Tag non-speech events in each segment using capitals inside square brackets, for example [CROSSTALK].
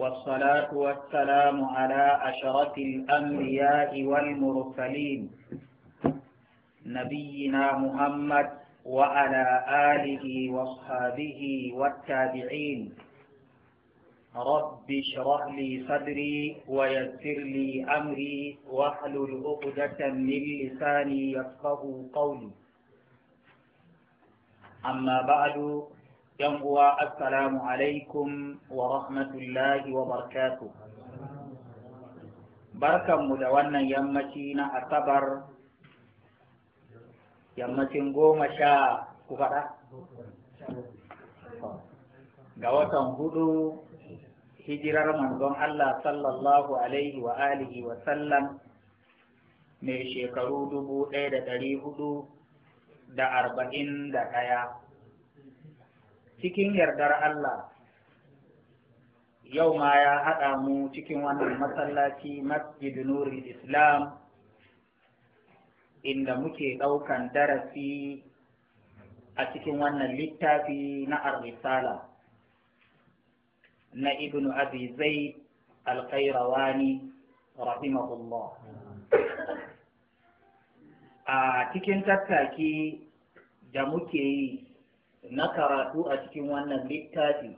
والصلاة والسلام على أشرف الأنبياء والمرسلين نبينا محمد وعلى آله وصحبه والتابعين رب اشرح لي صدري ويسر لي أمري واحلل عقدة من لساني يفقه قولي أما بعد yan uwa assalamu alaikum wa rahmatullahi wa barkatu barkanmu da wannan yammaci na asabar yammacin goma sha ku faɗa ga watan hudu hijirar manzon Allah sallallahu alaihi wa alihi wa sallam mai shekaru dubu ɗaya da ɗari hudu da arba'in da ɗaya cikin yardar Allah yau ma ya haɗa mu cikin wannan masallaci masjid Nuri islam inda muke ɗaukan darasi a cikin wannan littafi na arrisala risala na ibn abi zai al rahimahullah a cikin tattaki da muke yi na karatu a cikin wannan littafi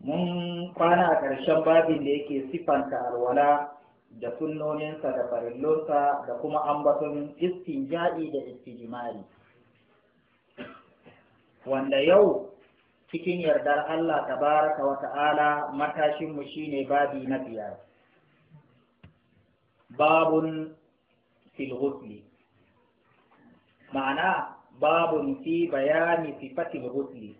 mun kwana a ƙarshen babin da yake siffanta alwala da sunnoninsa da farillonsa da kuma ambaton istinja'i da istijimari wanda yau cikin yardar Allah tabaraka wa ta'ala matashinmu shine babi na biyar babun fil ma'ana Babu fi bayani Sifatin husli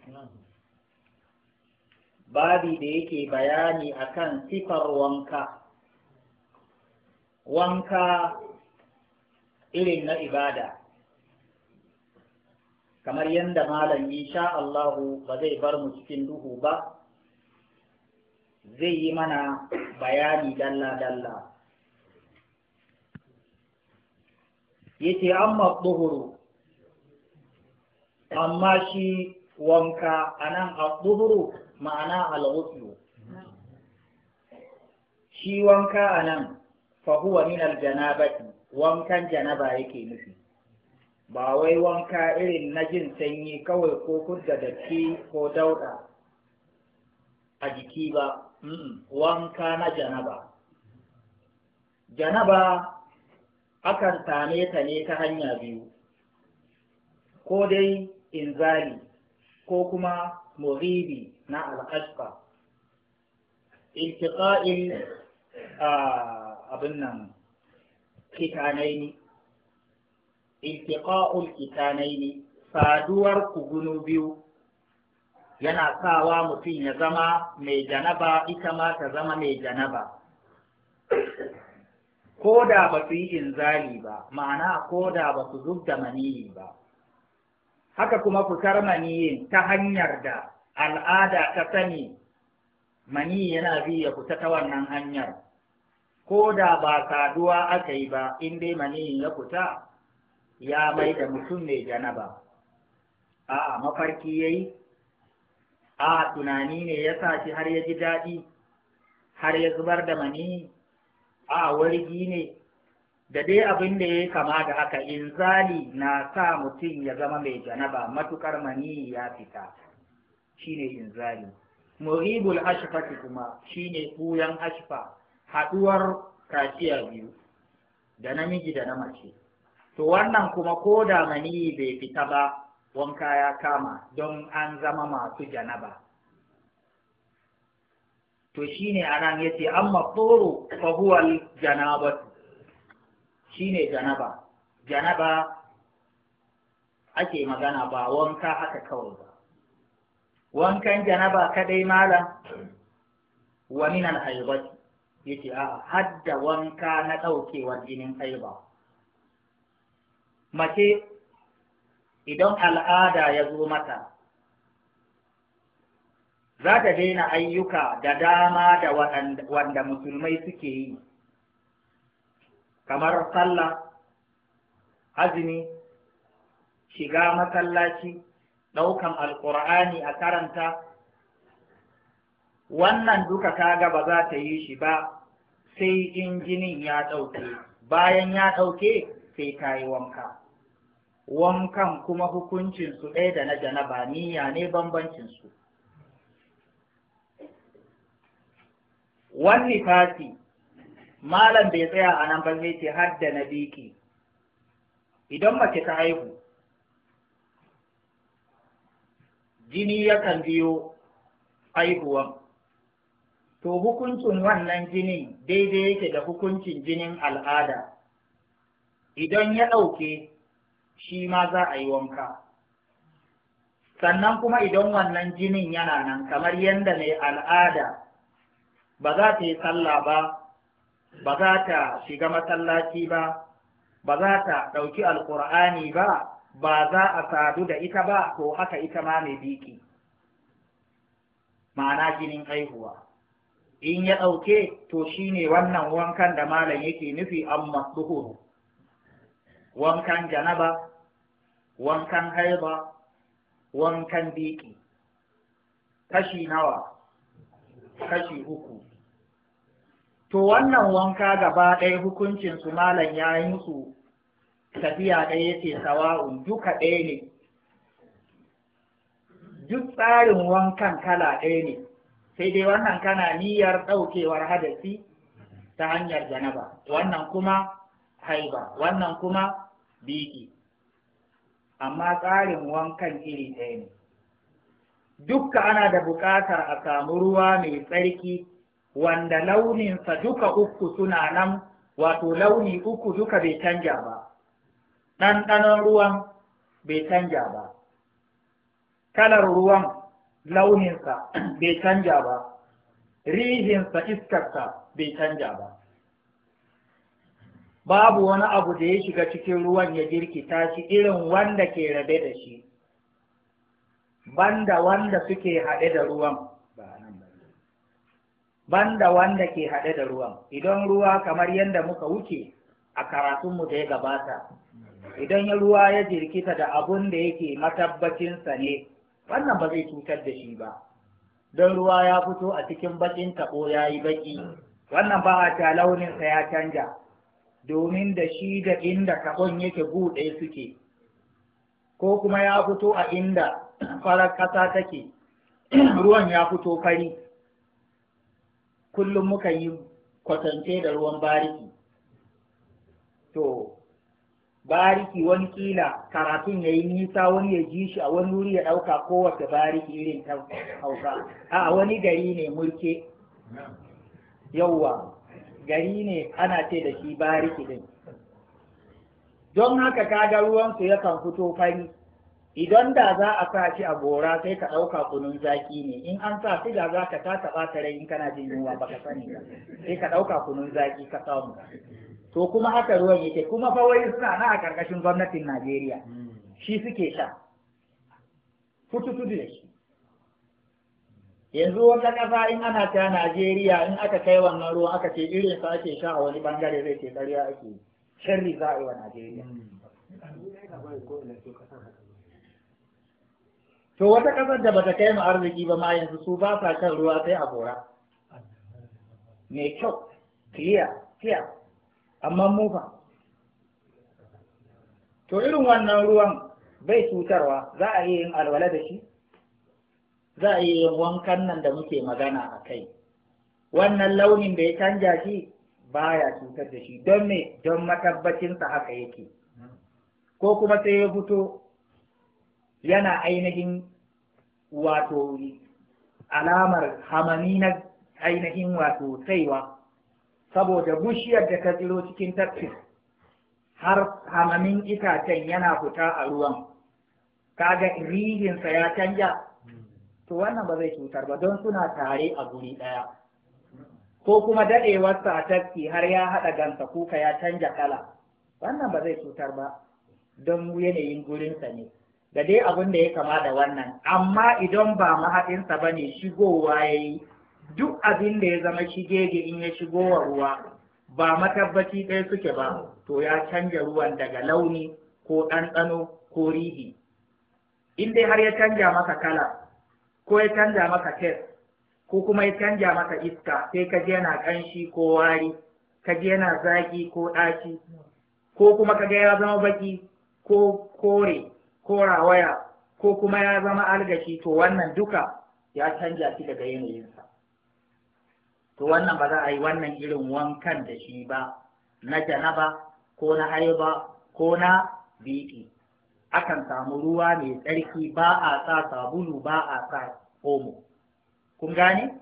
babi da yake bayani akan sifar wanka wanka irin na ibada kamar yadda malam insha Allahu ba zai bar mu cikin duhu ba zai yi mana bayani dalla-dalla yace amma tsuhuru amma shi wanka a nan a ma'ana al’uslu. shi wanka a nan fahuwa min aljanabati wankan janaba yake nufi ba wai wanka irin na jin sanyi kawai ko kudda datti ko dauda a jiki ba wanka na janaba janaba akan same ta ne ta hanya biyu ko dai inzali ko kuma muribi na al'ashqa iltiqa'il abin nan kitanaini iltiqa'ul kitanaini saduwar kugunu biyu yana sawa mutum ya zama mai janaba ita ma ta zama mai janaba ko da ba su yi inzali ba ma'ana ko da ba su zub da maniyi ba haka kuma fitar maniyin ta hanyar da al'ada ta sani mani yana bi ya fita ta wannan hanyar ko da ba saduwa aka yi ba in dai maniyin ya fita ya mai da mutum mai janaba a'a mafarki yayi a tunani ne ya sa shi har ya ji daɗi har ya zubar da mani a wargi ne da dai abin da ya kama da haka inzali na sa mutum ya zama mai janaba matukar mani ya fita shine inzali muribul ashfati kuma shine kuyan ashfa haduwar kaciya biyu da namiji da na mace to wannan kuma ko da mani bai fita ba wanka ya kama don an zama masu janaba to shine anan ya ce an fa fahuwal janabatu Shi ne janaba janaba ake magana ba wanka haka kawai ba wankan janaba kadai malam Wani nan al yace a hadda wanka na ɗaukewar jinin haiba mace idan al'ada ya zo mata za ta daina ayyuka da dama da wanda musulmai suke yi kamar sallah azumi shiga masallaci ɗaukan alƙur'ani a karanta wannan duka kaga ba za ta yi shi ba sai in ya ɗauke bayan ya ɗauke sai ta yi wanka wankan kuma hukuncinsu ɗaya da na janaba niyya ne bambancinsu wani fasi malam bai tsaya a nan ba zai ce har da na biki idan mace ta haihu jini yakan biyo haihuwan to hukuncin wannan jini daidai yake da hukuncin jinin al'ada idan ya ɗauke shi ma za a yi wanka sannan kuma idan wannan jinin yana nan kamar yadda mai al'ada ba za ta yi sallah ba ba za ta shiga masallaci ba ba za ta ɗauki alƙur'ani ba ba za a sadu da ita ba to haka ita ma mai biki ma'ana jinin haihuwa in ya ɗauke to shi ne wannan wankan da malam yake nufi an masuhuru wankan janaba wankan haiba wankan biki kashi nawa kashi uku to wannan wanka gaba ɗaya hukuncin su malam ya yi su tafiya ɗaya yake sawa'un duka ɗaya ne duk tsarin wankan kala ɗaya ne sai dai wannan kana niyyar ɗaukewar hadasi ta hanyar janaba wannan kuma haiba wannan kuma biki amma tsarin wankan iri ɗaya ne dukka ana da buƙatar a samu ruwa mai tsarki wanda launinsa duka uku suna nan wato launi uku duka bai canja ba ɗanɗanon ruwan bai canja ba kalar ruwan launinsa [CLEARS THROAT] bai canja ba rihinsa iskarsa bai canja ba babu wani abu da ya shiga cikin ruwan ya girkita shi irin wanda ke rabe da shi banda wanda suke haɗe da ruwan banda wanda ke haɗe da ruwan idan ruwa kamar yadda muka wuce a karatunmu da ya gabata idan ya ruwa ya jirkita da abun da yake matabbacinsa ne wannan ba zai cutar da shi ba don ruwa ya fito a cikin bakin taɓo ya yi baki wannan ba a ta launinsa ya canja domin da shi da inda taɓon yake buɗe suke ko kuma ya fito a inda farar ƙasa take ruwan ya fito fari kullum muka yi kwatance da ruwan bariki to bariki wani kila karatun ya yi nisa wani ya ji shi a wani wuri ya ɗauka kowace bariki irin ta hausa a wani gari ne mulke yauwa gari ne ana ce da shi bariki din don haka kaga ruwansu yakan fito fari idan da za a sa shi a gora sai ka ɗauka kunun zaki ne in an sa siga za ka ta taɓa ta rai in kana jin yunwa baka sani ba sai ka ɗauka kunun zaki ka samu to kuma haka ruwan yake kuma fa wai suna na a ƙarƙashin gwamnatin Najeriya shi suke sha fututu da shi yanzu wata ƙasa in ana ta Najeriya in aka kai wannan ruwan aka ce irin sa ake sha a wani bangare zai ce ɗariya ake sharri za a yi wa Najeriya hmm. to wata ƙasar da bata kai mu arziki ba ma yanzu su ba sa kan ruwa sai a gora mai kyau clear clear amma mu to irin wannan ruwan bai cutarwa za a iya yin alwala da shi za a iya yin wankan nan da muke magana a kai wannan launin da ya canja shi baya cutar da shi don me don matabbacinsa haka yake ko kuma sai ya fito yana ainihin wato alamar hamani na ainihin wato saiwa saboda bushiyar da ta tsiro cikin tafkin har hamamin itacen yana fita a ruwan kaga rihinsa ya canja to wannan ba zai cutar ba don suna tare a guri ɗaya ko kuma daɗewarsa a tafki har ya haɗa gansa kuka ya canja kala wannan ba zai cutar ba don yanayin gurinsa ne da dai abin da ya kama da wannan amma idan ba mahaɗinsa ba ne shigowa ya yi duk abin da ya zama shigege in ya shigowa ruwa ba matabbaci ɗaya suke ba to ya canja ruwan daga launi ko ɗanɗano ko rihi in dai har ya canja maka kala ko ya canja maka tes ko kuma ya canja maka iska sai ka je yana ƙanshi ko wari ka je yana zaƙi ko ɗaci ko kuma ka ga ya zama baƙi ko kore ko rawaya ko kuma ya zama algashi to wannan duka ya canja shi daga yanayinsa to wannan ba za a yi wannan irin wankan da shi ba na janaba ko na haiba ko na biki akan samu ruwa mai tsarki ba a sa sabulu ba a sa omo kun gane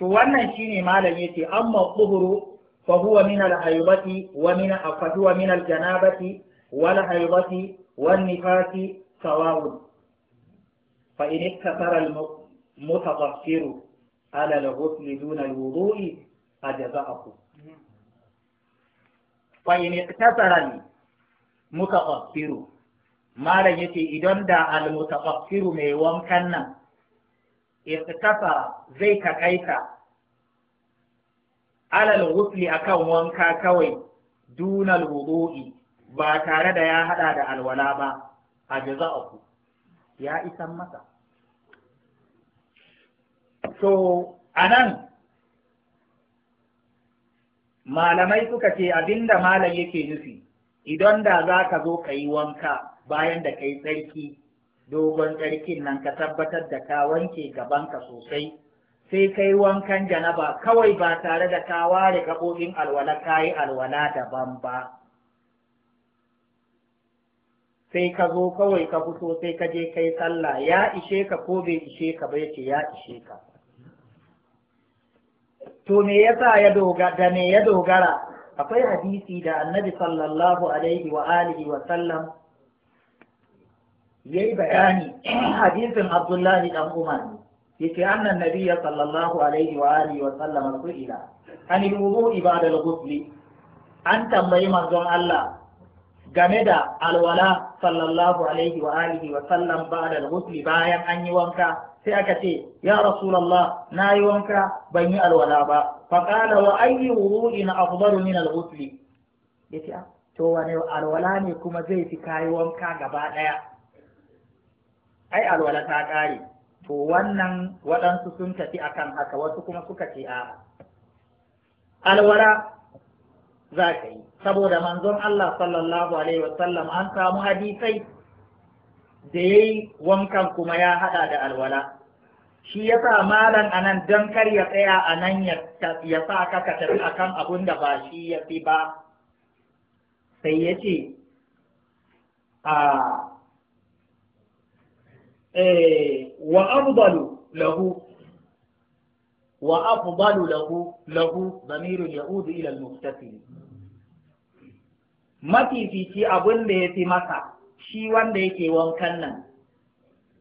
to wannan shine malami yace amma tuhuru fa huwa min al-haybati wa min al wa min al-janabati al haybati والنفاق سواء فإن اقتصر المتطهر على الغسل دون الوضوء أجزأه فإن اقتصر المتطهر malam yace idan da almutaqaffiru mai wankan nan iktasara zai takaita alal a kan wanka kawai dunal ba tare da ya haɗa da alwala ba a jaza'aku ya isan masa to anan malamai suka ce abinda malam yake nufi idan da za ka zo ka yi wanka bayan da ka yi tsarki dogon tsarkin nan ka tabbatar da ka wanke gabanka sosai sai kai wankan janaba kawai ba tare da ka ware gaɓoɓin alwala ka yi alwala daban ba sai ka zo kawai ka fito sai ka je kai sallah ya ishe ka ko bai ishe ka ba yace ya ishe ka to me yasa ya dogara da me ya dogara akwai hadisi da annabi sallallahu alaihi wa alihi wa sallam yayi bayani [CLEARS THROAT] hadisin abdullahi dan umar yace annan nabiyya sallallahu alaihi wa alihi wa sallam su'ila anil wudu'i ba'da al ghusl an tambayi manzon Allah game da alwala sallallahu alaihi wa alihi wa sallam ba'da al bayan an yi wanka sai aka ce ya rasulullah na yi wanka ban yi alwala ba fa qala wa ayyu wudu'in afdalu min al-ghusl yace ah, to wane alwala ne kuma zai fi kayi wanka gaba daya ai alwala ta kare to wannan waɗansu sun tafi akan haka wasu kuma suka ce a alwala za ka yi saboda manzon Allah sallallahu alaihi wasallam an samu hadisai da ya yi wankan kuma ya haɗa da alwala shi ya sa malam a nan don kar ya tsaya a nan ya sa ka ka tafi a kan abin da ba shi ya fi ba sai ya ce a eh, wa afdalu lahu wa afdalu lahu lahu dhamirun ya'udu ila al mafifici abin da ya fi masa shi wanda yake wankan nan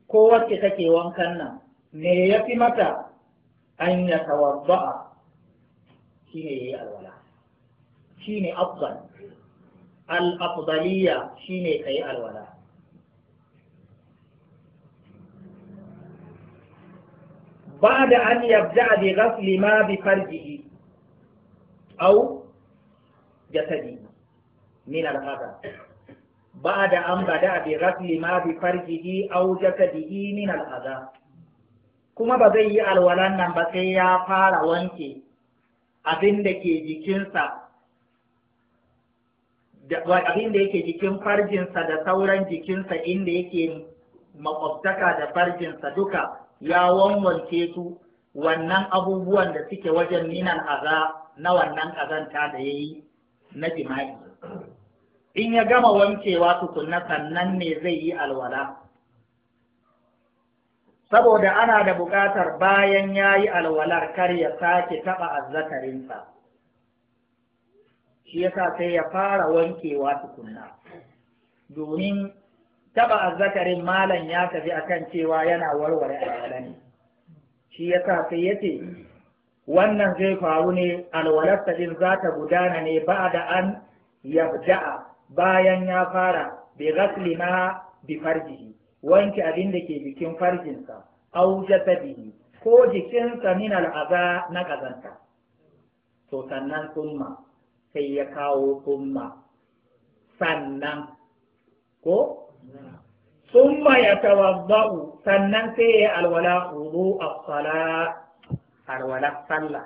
ko wacce take wankan nan me ya fi mata an ya tawadda'a shi ne ya yi alwala shi ne afdal al Afzaliya shi ne ka yi alwala Ba da بعد bi يبدأ بغسل ما بفرجه أو جسده min al-hasan بعد أن بدأ برسل ما بفرجه أو جسده من الأذى kuma ba zai yi alwalan ba sai ya fara wanke abin yake jikin farjinsa da sauran jikinsa inda yake makwabtaka da farjinsa duka ya wanwanke su wannan abubuwan da suke wajen minan aza na wannan ƙazanta da ya yi na jima'i in ya gama wankewa tukunna sannan ne zai yi alwala saboda ana da buƙatar bayan ya yi alwalar kar ya sake taɓa azzakarinsa shi yasa sai ya fara wankewa tukunna domin taɓa azzakarin malam ya tafi akan cewa yana warware alwala ne shi yasa sai ya ce wannan zai faru ne alwalarsa ɗin za ta gudana ne ba da an yabda'a bayan ya fara bi ghasli ma bi farjihi wanke abin da ke jikin farjinsa aw jasadihi ko jikinsa min aza na kazanta to sannan summa sai ya kawo summa sannan ko summa ya tawadda'u sannan sai ya alwala wudu as-sala alwala sallah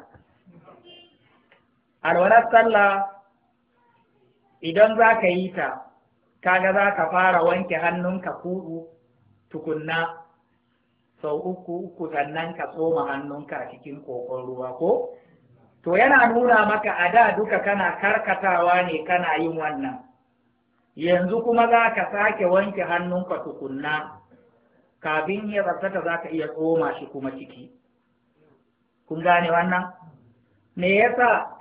alwala sallah idan za ka yi ta kaga za ka fara wanke hannunka kuɗu tukunna sau uku uku sannan ka tsoma hannunka a cikin kokon ruwa ko to yana nuna maka a da duka kana karkatawa ne kana yin wannan yanzu kuma za ka sake wanke hannunka tukunna kafin ya tsafta za ka iya tsoma shi kuma ciki kun gane wannan me yasa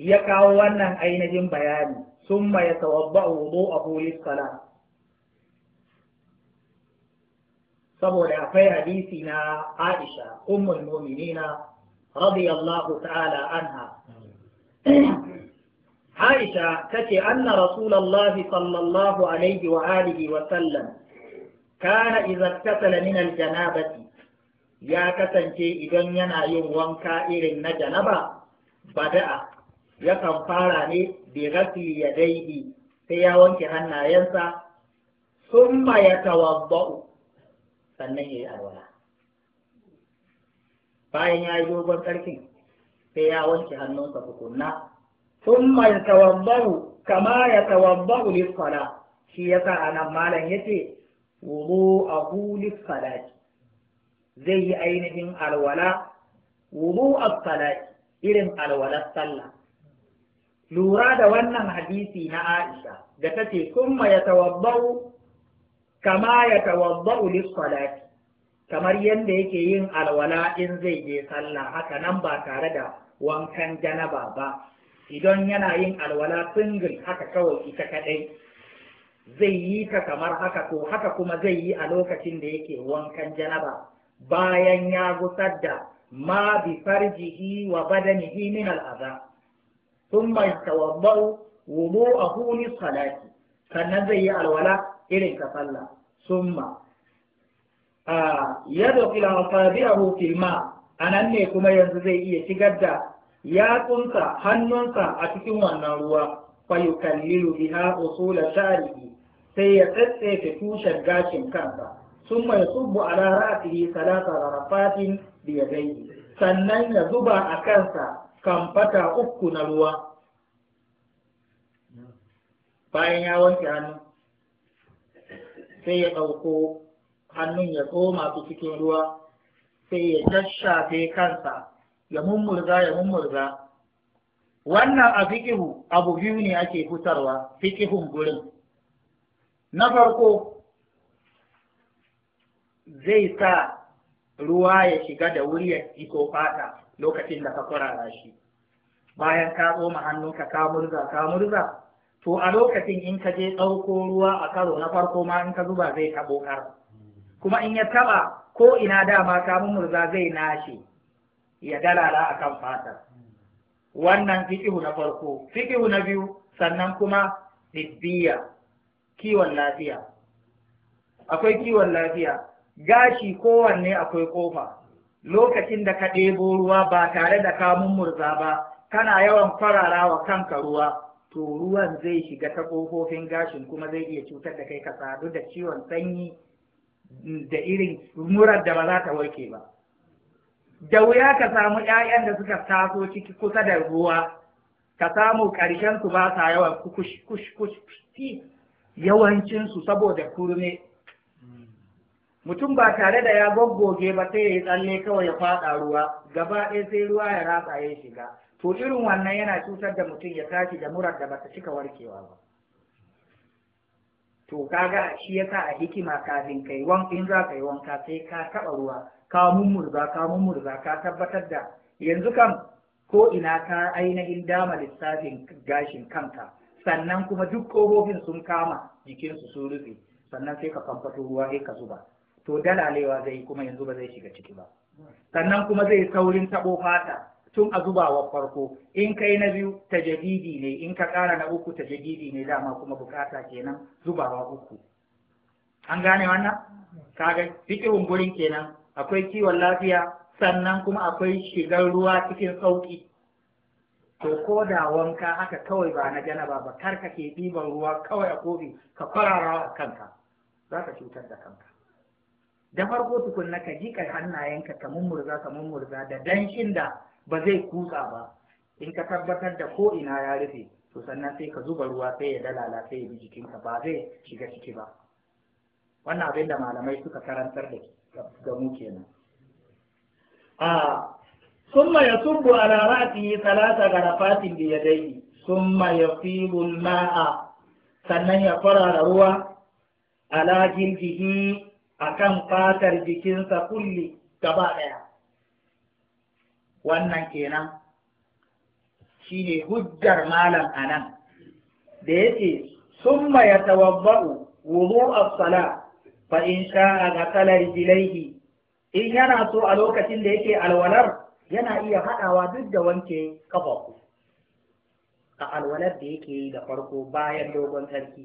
ya kawo wannan ainihin bayani sun ma ya tawabba wudu a hulis sala saboda akwai hadisi na Aisha ummul mu'minina radiyallahu ta'ala anha Aisha tace anna rasulullahi sallallahu alaihi wa alihi wa sallam kana idza katala min al-janabati ya kasance idan yana yin wanka irin na janaba bada'a yakan fara ne bi rafi ya daidi sai ya wanke hannayensa summa ya tawabba'u sannan ya yi alwala bayan ya yi dogon sarkin sai ya wanke hannunsa tukunna summa ya tawabba'u kama ya tawabba'u lissala shi ya sa anan malam yace wudu'ahu lissalati zai yi ainihin alwala a salati irin alwalar sallah lura da wannan hadisi na Aisha da ta ce kuma ya tawabbau kama ya li salati kamar yadda yake yin alwala in zai je sallah haka nan ba tare da wankan janaba ba idan yana yin alwala single haka kawai ita kadai zai yi ta kamar haka ko haka kuma zai yi a lokacin da yake wankan janaba bayan ya gusar da ma bi farjihi wa badanihi min al'aza thumma wumo a li salati sannan zai yi alwala irin ka sallah summa yadda filafabiyahu filma a nan ne kuma yanzu zai iya shigar da yatsunsa hannunsa a cikin wannan ruwa fayukallilu biha usula shari'i sai ya tsatsefe tushen gashin kansa sun mai subbu ala ra'sihi salata rarafatin bi yadayhi sannan ya zuba a kansa kamfata uku na ruwa bayan ya wanke hannu sai ya ɗauko hannun ya koma su cikin ruwa sai ya shashafe kansa ya mummurza ya mummurza wannan a fikihu abu biyu ne ake fitarwa fikihun gurin na farko zai sa ruwa ya shiga da wuri ya iko fata lokacin da ka kwarara shi bayan ka tsoma hannunka ka murza ka murza to a lokacin in ka je ɗauko ruwa a karo na farko ma in ka zuba zai taɓo kar kuma in ya taɓa ko ina dama ka murza zai nashe ya dalala a kan fata. wannan fikihu na farko fikihu na biyu sannan kuma dibbiya kiwon lafiya akwai kiwon lafiya gashi kowanne akwai kofa lokacin da ka ɗebo ruwa ba tare da ka mummurza ba kana yawan farara wa kanka ruwa to ruwan zai shiga ta ƙofofin gashin kuma zai iya cutar da kai ka sadu da ciwon sanyi da irin murar da ba za ta warke ba da wuya ka samu 'ya'yan da suka taso ciki kusa da ruwa ka samu ƙarshen su ba sa yawan kush kush kush yawancin su saboda kurme mutum ba tare da ya goggoge ba sai ya yi tsalle kawai ya faɗa ruwa gaba ɗaya sai ruwa ya ratsa ya shiga to irin wannan yana cutar da mutum ya tashi da murar da bata cika warkewa ba to kaga shi yasa a hikima kafin kai wan in za ka yi wanka sai ka taɓa ruwa ka mummurza ka mummurza ka tabbatar da yanzu kan ko ina ka ainihin dama lissafin gashin kanka sannan kuma duk ƙofofin sun kama jikinsu sun rufe sannan sai ka kamfato ruwa sai ka zuba to dalalewa zai kuma yanzu ba zai shiga ciki ba sannan kuma zai saurin taɓo fata tun a zubawa farko in kai na biyu ta jadidi ne in ka ƙara na uku ta jadidi ne dama kuma bukata kenan zubawa uku an gane wannan kaga fikirin gurin kenan akwai kiwon lafiya sannan kuma akwai shigar ruwa cikin sauƙi to ko da wanka haka kawai ba na janaba ba kar ka ke ɗiban ruwa kawai a kofi ka a kanka za ka cutar da kanka da farko tukunna ka jiƙa hannayenka ka mummurza ka mummurza da danshin da ba zai kutsa ba in ka tabbatar da ko ina ya rufe to sannan sai ka zuba ruwa sai ya dalala sai ya bi jikinka ba zai shiga ciki ba wannan abin da malamai suka karantar da ga mu kenan a summa yasubbu ala ra'sihi salata garafatin bi yadayhi summa yafibu al-ma'a sannan ya farara ruwa ala jildihi akan fatar jikinsa kulli gaba ɗaya wannan kenan shi ne hujjar malam a nan da yake summa ya tawabba'u wudu as-sala fa in sha'a ghasala jilaihi, in yana so a lokacin da yake alwalar yana iya haɗawa duk da wanke kafafu a alwalar da yake da farko bayan dogon sarki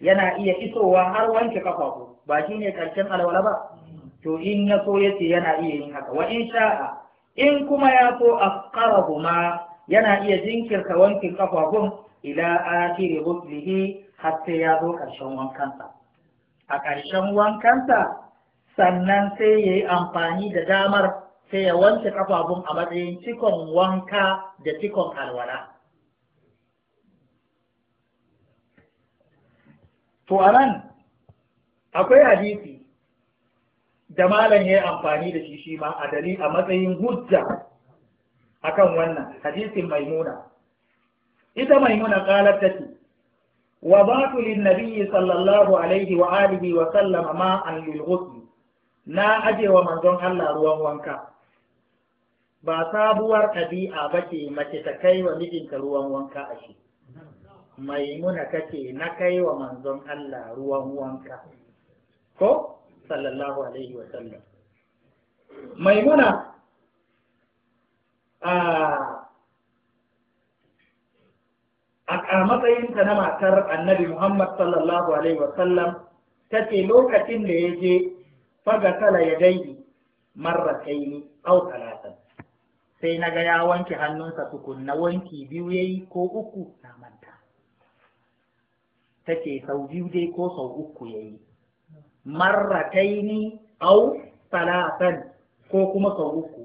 yana iya isowa har wanke kafafu ba shi ne ƙarshen alwala ba to in ya so yace yana iya yin haka wa in sha'a in kuma ya so afqarahuma yana iya jinkirta wankin kafafun ila akhir ghuslihi har ya zo ƙarshen wankansa a ƙarshen wankansa sannan sai ya yi amfani da damar sai ya wanke kafafun a matsayin cikon wanka da cikon alwala to a nan akwai hadisi da malam ya yi amfani da shi shi ma a dali a matsayin hujja akan wannan hadisin maimuna ita maimuna qalat ce. wa ba'tu lin nabiyyi sallallahu alaihi wa alihi wa sallam ma an lil na aje wa manzon Allah ruwan wanka ba sabuwar ɗabi'a bace mace ta kai wa mijinta ruwan wanka a shi maimuna kake na kai wa manzon Allah ruwan wanka ko sallallahu alaihi wa sallam maimuna a a matsayinta na matar annabi Muhammad sallallahu alaihi wa sallam take lokacin da ya je fagasala ya daidi marrataini au talatan sai na ga ya wanke hannunsa tukunna wanki biyu yayi ko uku na manta ta ce sau biyu dai ko sau uku yayi. yi marrataini au salatan ko kuma sau uku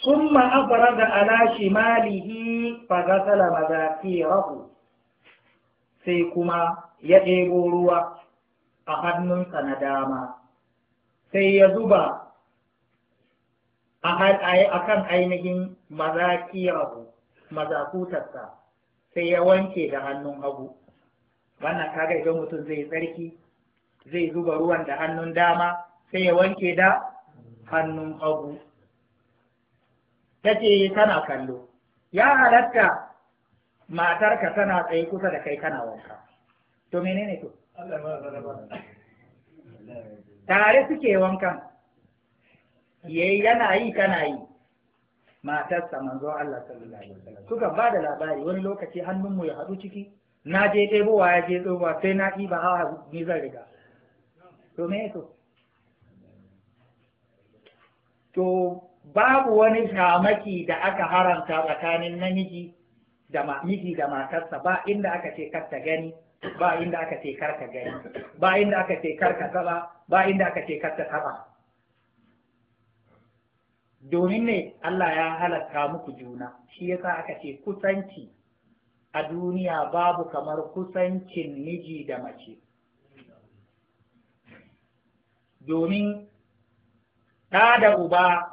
summa da ala shimalihi fa ghasala rabu. sai kuma ya ɗebo ruwa a hannunsa na dama sai ya zuba a kan ainihin mazakirahu mazakutarsa sai ya wanke da hannun hagu wannan kaga idan mutum zai tsarki zai zuba ruwan da hannun dama sai ya wanke da hannun hagu ta ce tana kallo ya halatta matarka tana tsaye kusa da kai kana wanka to menene to tare suke wankan yayi yana yi kana yi matarsa manzo Allah sallallahu alaihi wasallam suka ba da labari wani lokaci hannunmu ya haɗu ciki na je ɗebowa ya je ɗebowa sai na ɗiba hawa ni zan riga to me to to babu wani shamaki da aka haramta tsakanin namiji da miji da matarsa ba inda aka ce kar ka gani ba inda aka ce kar ka gani ba inda aka ce kar ka taba ba inda aka ce kar ka taba domin ne Allah ya halatta muku juna shi yasa aka ce kusanci a duniya babu kamar kusancin miji da mace domin ɗa da uba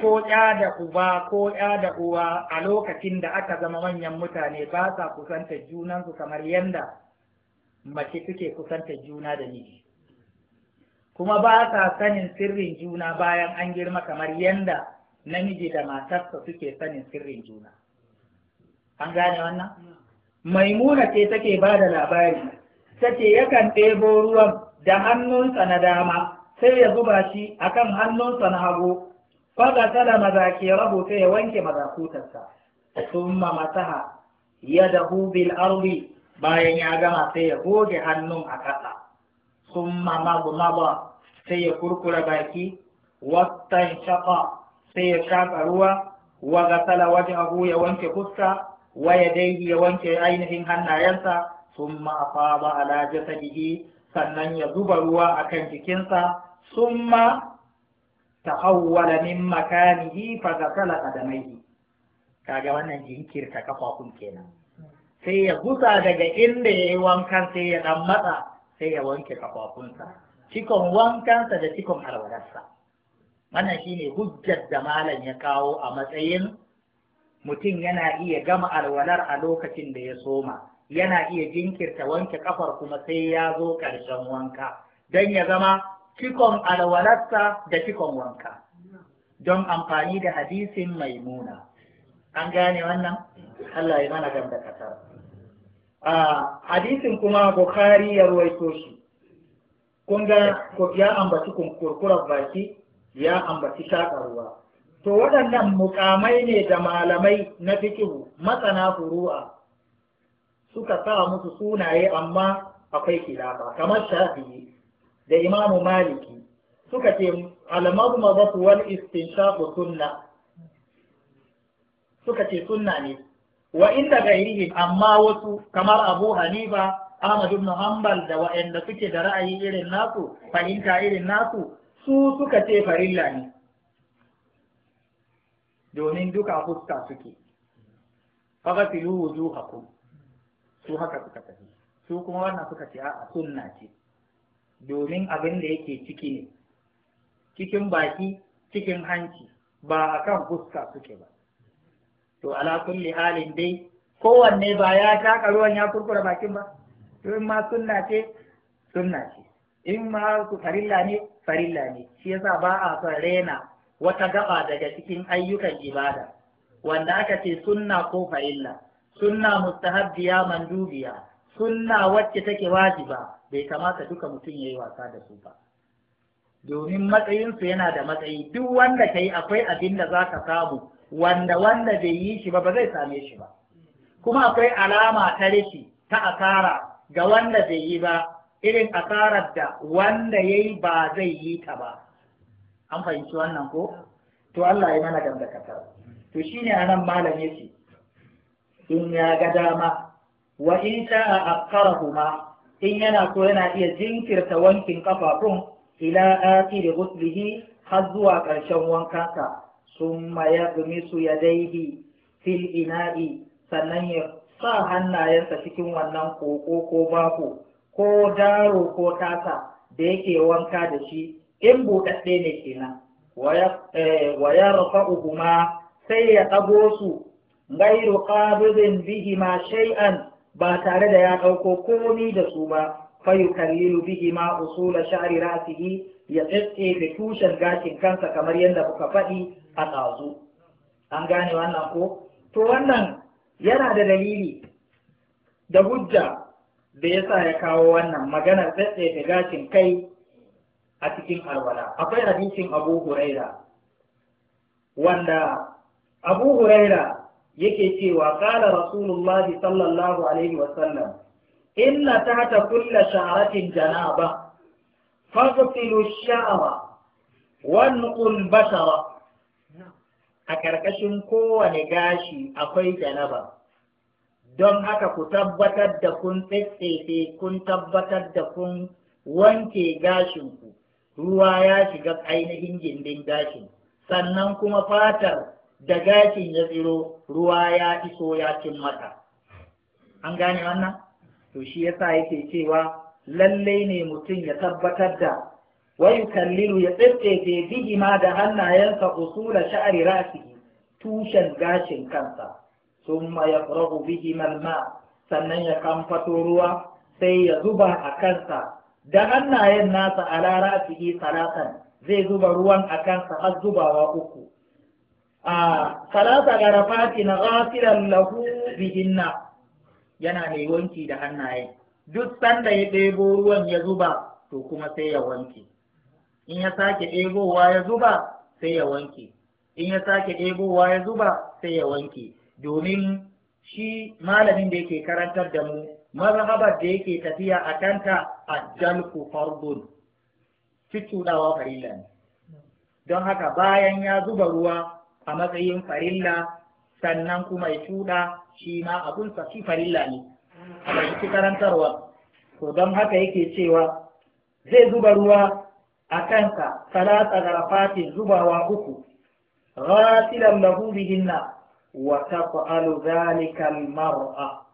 ko ya da uba ko ya da uwa a lokacin da aka zama manyan mutane ba sa kusanta junansu kamar yadda mace suke kusanta juna da miji kuma ba sa sanin sirrin juna bayan an girma kamar yadda namiji da matarsa suke sanin sirrin juna an gane wannan maimuna ce take ba da labari tace yakan ɗebo ruwan da hannunsa na dama sai ya zuba shi akan hannunsa na hagu faga tana mazakirahu sai ya wanke mazakutarsa summa ya da bil arbi bayan ya gama sai ya goge hannun a ƙasa summa magmaba sai ya kurkura baki wattan shafa sai ya shaƙa ruwa wa gasala wajhahu ya wanke fuska waya dai ya wanke ainihin hannayensa a afada ala jasadihi sannan ya zuba ruwa akan jikinsa summa tahawwala min makanihi fa ghasala Ka ga wannan jinkirta kafafun kenan sai ya gusa daga inda ya yi wankan sai ya dan matsa sai ya wanke kafafunsa cikon wankansa da cikon alwalarsa Mana shine hujjar da malam ya kawo a matsayin mutum yana iya gama alwalar a lokacin da ya soma yana iya jinkirta wanke kafar kuma sai ya zo ƙarshen wanka don ya zama cikon alwalarsa da cikon wanka don amfani da hadisin maimuna an gane wannan Allah ya mana gan da kasar hadisin kuma Bukhari ya ruwaito shi kun ga ya ambaci kurkurar baki ya ambaci shaƙa ruwa to waɗannan mukamai ne da malamai na fikihu masana furu'a suka sa musu sunaye amma akwai kilafa kamar shafi'i da imamu maliki suka ce almarmadatu wal istinshaqu sunna suka ce sunna ne wa inda gairihi amma wasu kamar abu hanifa ahmad ibn hanbal da waɗanda suke da ra'ayi irin nasu fahimta irin nasu su suka ce farilla ne domin duka fuska suke faghsilu wujuhakum su haka suka tafi su kuma wannan suka ce a sunna ce domin abin da yake ciki ne cikin baki cikin hanci ba a kan fuska suke ba to ala kulli halin dai kowanne ba ya taka ruwan ya kurkura bakin ba to in ma sunna ce sunna ce in ma farilla ne farilla ne shi yasa ba a son rena wata gaba daga cikin ayyukan ibada wanda aka ce sunna ko fa'illa sunna mustahabbiya mandubiya sunna wacce take wajiba bai kamata duka mutum yayi wasa da su ba domin matsayinsu yana da matsayi duk wanda kai yi akwai abin da za ka samu wanda wanda bai yi shi ba ba zai same shi ba kuma akwai alama ta rashi ta asara ga wanda bai yi ba irin asarar da wanda yayi ba zai yi ta ba an fahimci wannan ko to Allah ya mana dangantakar to shine anan malam yace in ya ga dama wa in a akkarahuma in yana so yana iya jinkirta wankin kafafun ila da ghuslihi har zuwa ƙarshen wankansa summa ya yadayhi fil ina'i sannan ya sa hannayensa cikin wannan koko ko bako ko daro ko tasa da yake wanka da shi in buɗaɗɗe ne kenan wa ya eh, rafa'uhuma sai ya ɗago su gairu qabidin bihima shai'an ba tare da ya ɗauko komi da su ba bihi bihima usula sha'ri ra'sihi ya da tushen gashin kansa kamar yadda kuka faɗi a ƙazu an gane wannan ko to wannan yana da dalili da hujja da yasa ya kawo wannan maganar da gashin kai a cikin alwala akwai hadisin abu huraira wanda abu huraira yake cewa kala rasulullah sallallahu alaihi wasallam inna tahta kulla sha'ratin janaba faghsilu ash-sha'ra wanqul bashara a karkashin kowane gashi akwai janaba don haka ku tabbatar da kun tsetsefe, kun tabbatar da kun wanke gashinku ruwa ya shiga ainihin gindin gashin sannan kuma fatar da gashin ya tsiro ruwa ya iso ya cin mata an gane wannan to shi yasa yake cewa lalle ne mutum ya tabbatar da wayu kallilu ya tsirtsefe bigima da hannayensa usula sha'ari rasihi tushen gashin kansa summa yafrahu bigimal ma, sannan ya kamfato ruwa sai ya zuba a kansa da hannayen nasa ala ra'sihi salatan zai zuba ruwan a kansa har zubawa uku a salata rafati na ghafiran lahu bihinna yana mai wanki da hannaye duk sanda ya ɗebo ruwan ya zuba to kuma sai ya wanke in ya sake ɗebowa ya zuba sai ya wanke in ya sake ɗebowa ya zuba sai ya wanke domin shi malamin da yake karantar da mu mazhabar da yake tafiya a kanta ajalku fardun cudawa farilla ne don haka bayan ya zuba ruwa a matsayin farilla sannan kuma ya cuda shi ma abun shi farilla ne a bai karantarwa to don haka yake cewa zai zuba ruwa a kanta salata garafatin zubawa uku ghasilan lahu bihinna wa taf'alu dhalika mara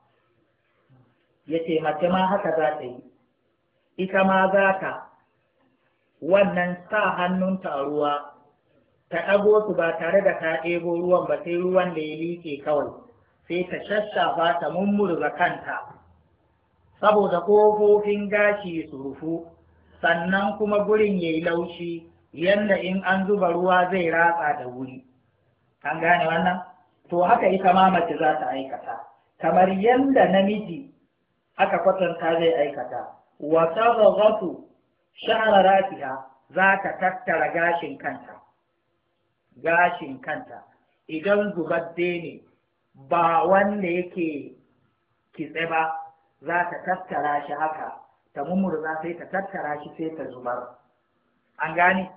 ya ce mace ma haka za ta yi ita ma za ta wannan sa hannunta a ruwa ta ɗago su ba tare da ta ɗebo ruwan ba sai ruwan da ya liƙe kawai sai ta shashafa ta mummurza kanta saboda ƙofofin gashi su rufu sannan kuma gurin ya yi laushi yadda in an zuba ruwa zai ratsa da wuri an gane wannan to haka ita ma mace za ta aikata kamar yadda namiji aka kwatanta zai aikata wa sha'ara sha'raratiha za ta tattara gashin kanta gashin kanta idan zubadde ne ba wanda yake kitse ba za ta tattara shi haka ta mummurza sai ta tattara shi sai ta zubar an gane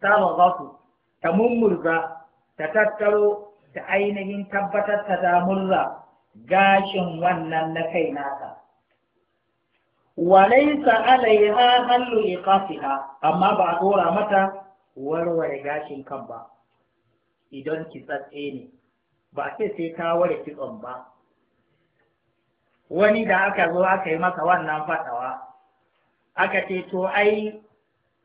tadghatu ta mummurza ta tattaro ta ainihin tabbatar ta damurza gashin wannan na kai naka walaisa alaiha hallu iqafiha amma ba a dora mata warware gashin kan ba idan kitsatse ne ba a ce sai ta ware kitson ba wani da aka zo aka yi masa wannan fatawa aka ce to ai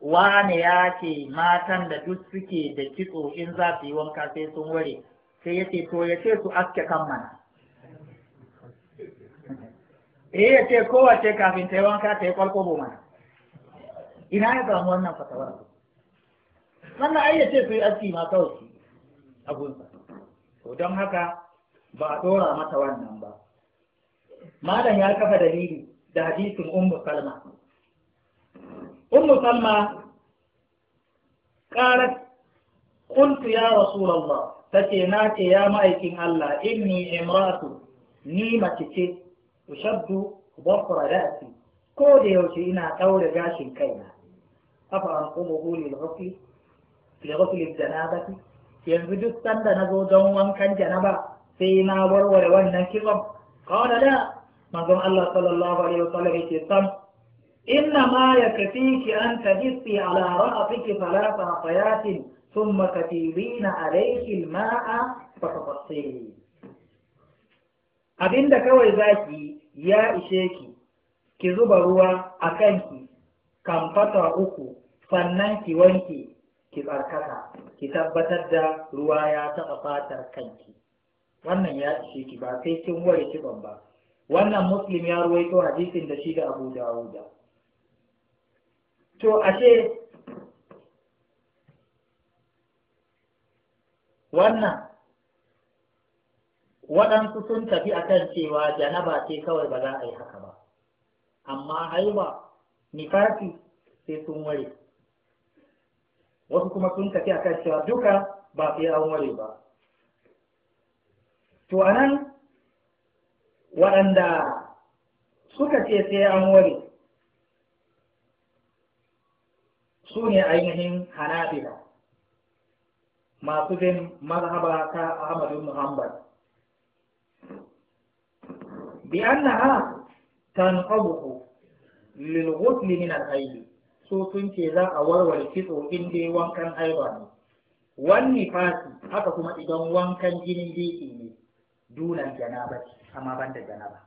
wane ya ce matan da duk suke da kitso in za su yi wanka sai sun ware sai ya ce to ya ce su aske kan mana eh ya ce kowace kafin ta yi wanka ta yi kwalkwabo mana ina ya samu wannan fatawar wannan ai ya ce su yi aski ma kawai su abunsa to don haka ba a dora mata wannan ba malam ya kafa dalili da hadisin ummu salma ummu salma qalat qultu ya rasulullah tace na ce ya ma'aikin Allah inni imratu ni mace ce ushaddu dhafra ra'si ko da yaushe ina ɗaure gashin kaina afa an kuma huli lafi lafi janabati yanzu duk sanda na zo don wankan janaba sai na warware wannan kitson kawai da manzon Allah sallallahu alaihi wasallam yake sam inna ma yakfiki an tahissi ala ra'siki thalatha hayatin thumma katilina alayki al-ma'a fa tafassili abinda kawai za ki ya ishe ki ki zuba ruwa a kanki kamfata uku sannan ki wanke ki tsarkaka ki tabbatar da ruwa ya taɓa fatar kanki wannan ya ishe ki ba sai kin ware kiban ba wannan muslim ya ruwaito hadisin da shi da abu dawuda to ashe wannan waɗansu sun tafi akan cewa janaba ce kawai ba za a yi haka ba amma haiwa nifafi sai sun ware wasu kuma sun tafi akan cewa duka ba sai an ware ba to anan waɗanda suka ce sai an ware su ne ainihin hanabila masu bin mazhaba ta ahmadu muhammad بأنها تنقبه للغسل من الحيض su sun ce za a warware kitso in dai wankan haihuwa ne wani fasi haka kuma idan wankan jinin biki ne dunan janaba amma ban da janaba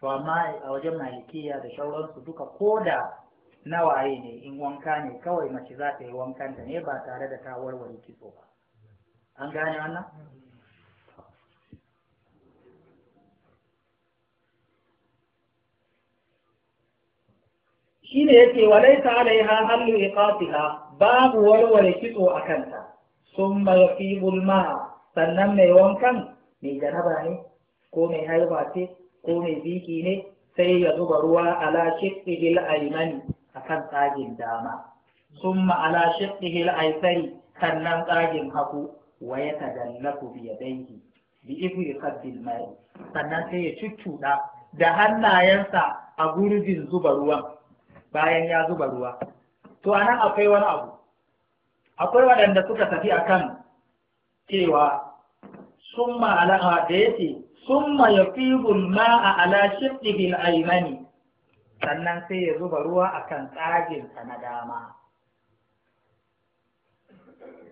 to amma a wajen malikiya da shauransu duka ko da nawaye ne in wanka ne kawai mace za ta yi ta ne ba tare da ta warware kitso ba an gane wannan shi ne yake walaita alaiha hallu iqatiha babu warware kitso a kanta summa yaqibul ma sannan mai wankan mai janaba ne ko mai haiba ce ko mai biki ne sai ya zuba ruwa ala shiqqi al-aymani akan tsagin dama summa ala shiqqihi al-aysari sannan tsagin hagu wa tadallaku bi yadayhi bi ifri qabdil mai sannan sai ya cuccuda da hannayensa a gurbin zuba ruwan bayan ya zuba ruwa to a nan akwai wani abu akwai waɗanda suka tafi akan cewa summa ala da ya yace summa fi al a ala shiddihi al sannan sai ya zuba ruwa akan tsagin na dama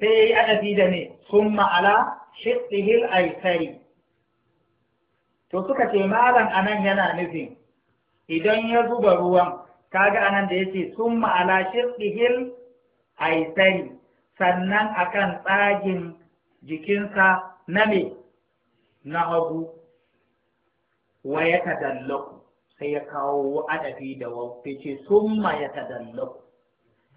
sai ya yi adafi da ne summa ala shiddihi to suka ce malam anan yana nufin idan ya zuba ruwan kaga anan da yace summa ala shirqihil aitai sannan akan tsagin jikinsa na me na hagu wa ya tadallaku sai ya kawo adafi da wau ce summa ya tadallaku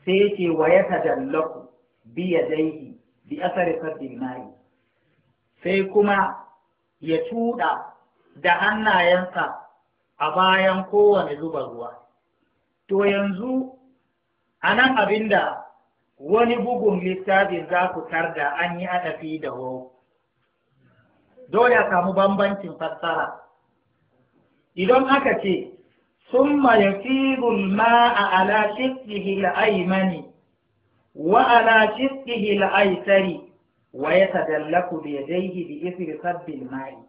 sai yace wa ya tadallaku bi yadaihi bi asari sabbin nayi sai kuma ya tuda da hannayensa a bayan kowane zuba ruwa to yanzu a nan abinda wani bugun littafin za ku da an yi adafi da wau dole a samu bambancin fassara idan aka ce sun fi a ثم يفيض الماء على شقه الأيمن وعلى شقه الأيسر ويتدلك da بإثر صب sabbin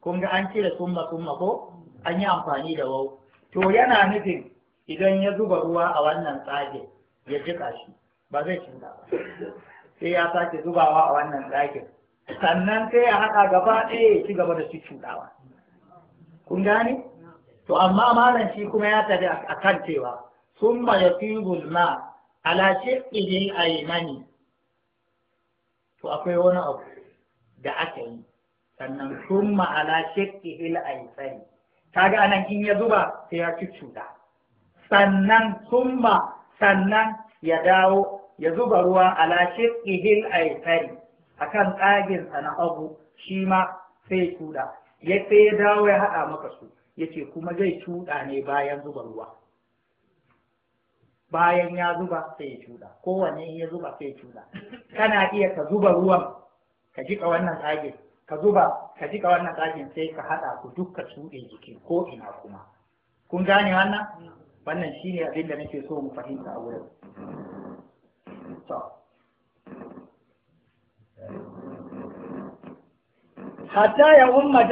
kun ga an cire summa summa ko an yi amfani da wau to yana nufin idan ya zuba ruwa a wannan tsage ya jika shi ba zai cinta ba sai ya sake zubawa a wannan tsakin. sannan sai ya haɗa gaba ɗaya ya ci gaba da su cuɗawa kun gane to amma malam shi kuma ya tafi a kan cewa sun ba ya fi gulma a yi mani. to akwai wani abu da aka yi sannan sun ma a shiɗin aisani kaga anan in ya zuba sai ya cuɗa sannan summa sannan ya dawo ya zuba ruwa ala shiqihil aitari akan tsagin sa na abu shi ma sai cuda ya sai ya dawo ya haɗa maka su yace kuma zai cuda ne bayan zuba ruwa bayan ya zuba sai ya cuda kowanne ya zuba sai ya cuda kana iya ka zuba ruwan ka jika wannan tsagin ka zuba ka jika wannan tsagin sai ka haɗa ku duka ka cuɗe jikin ko ina kuma kun gane wannan wannan ne abin da nake so mu fahimta a wurin hatta ya umma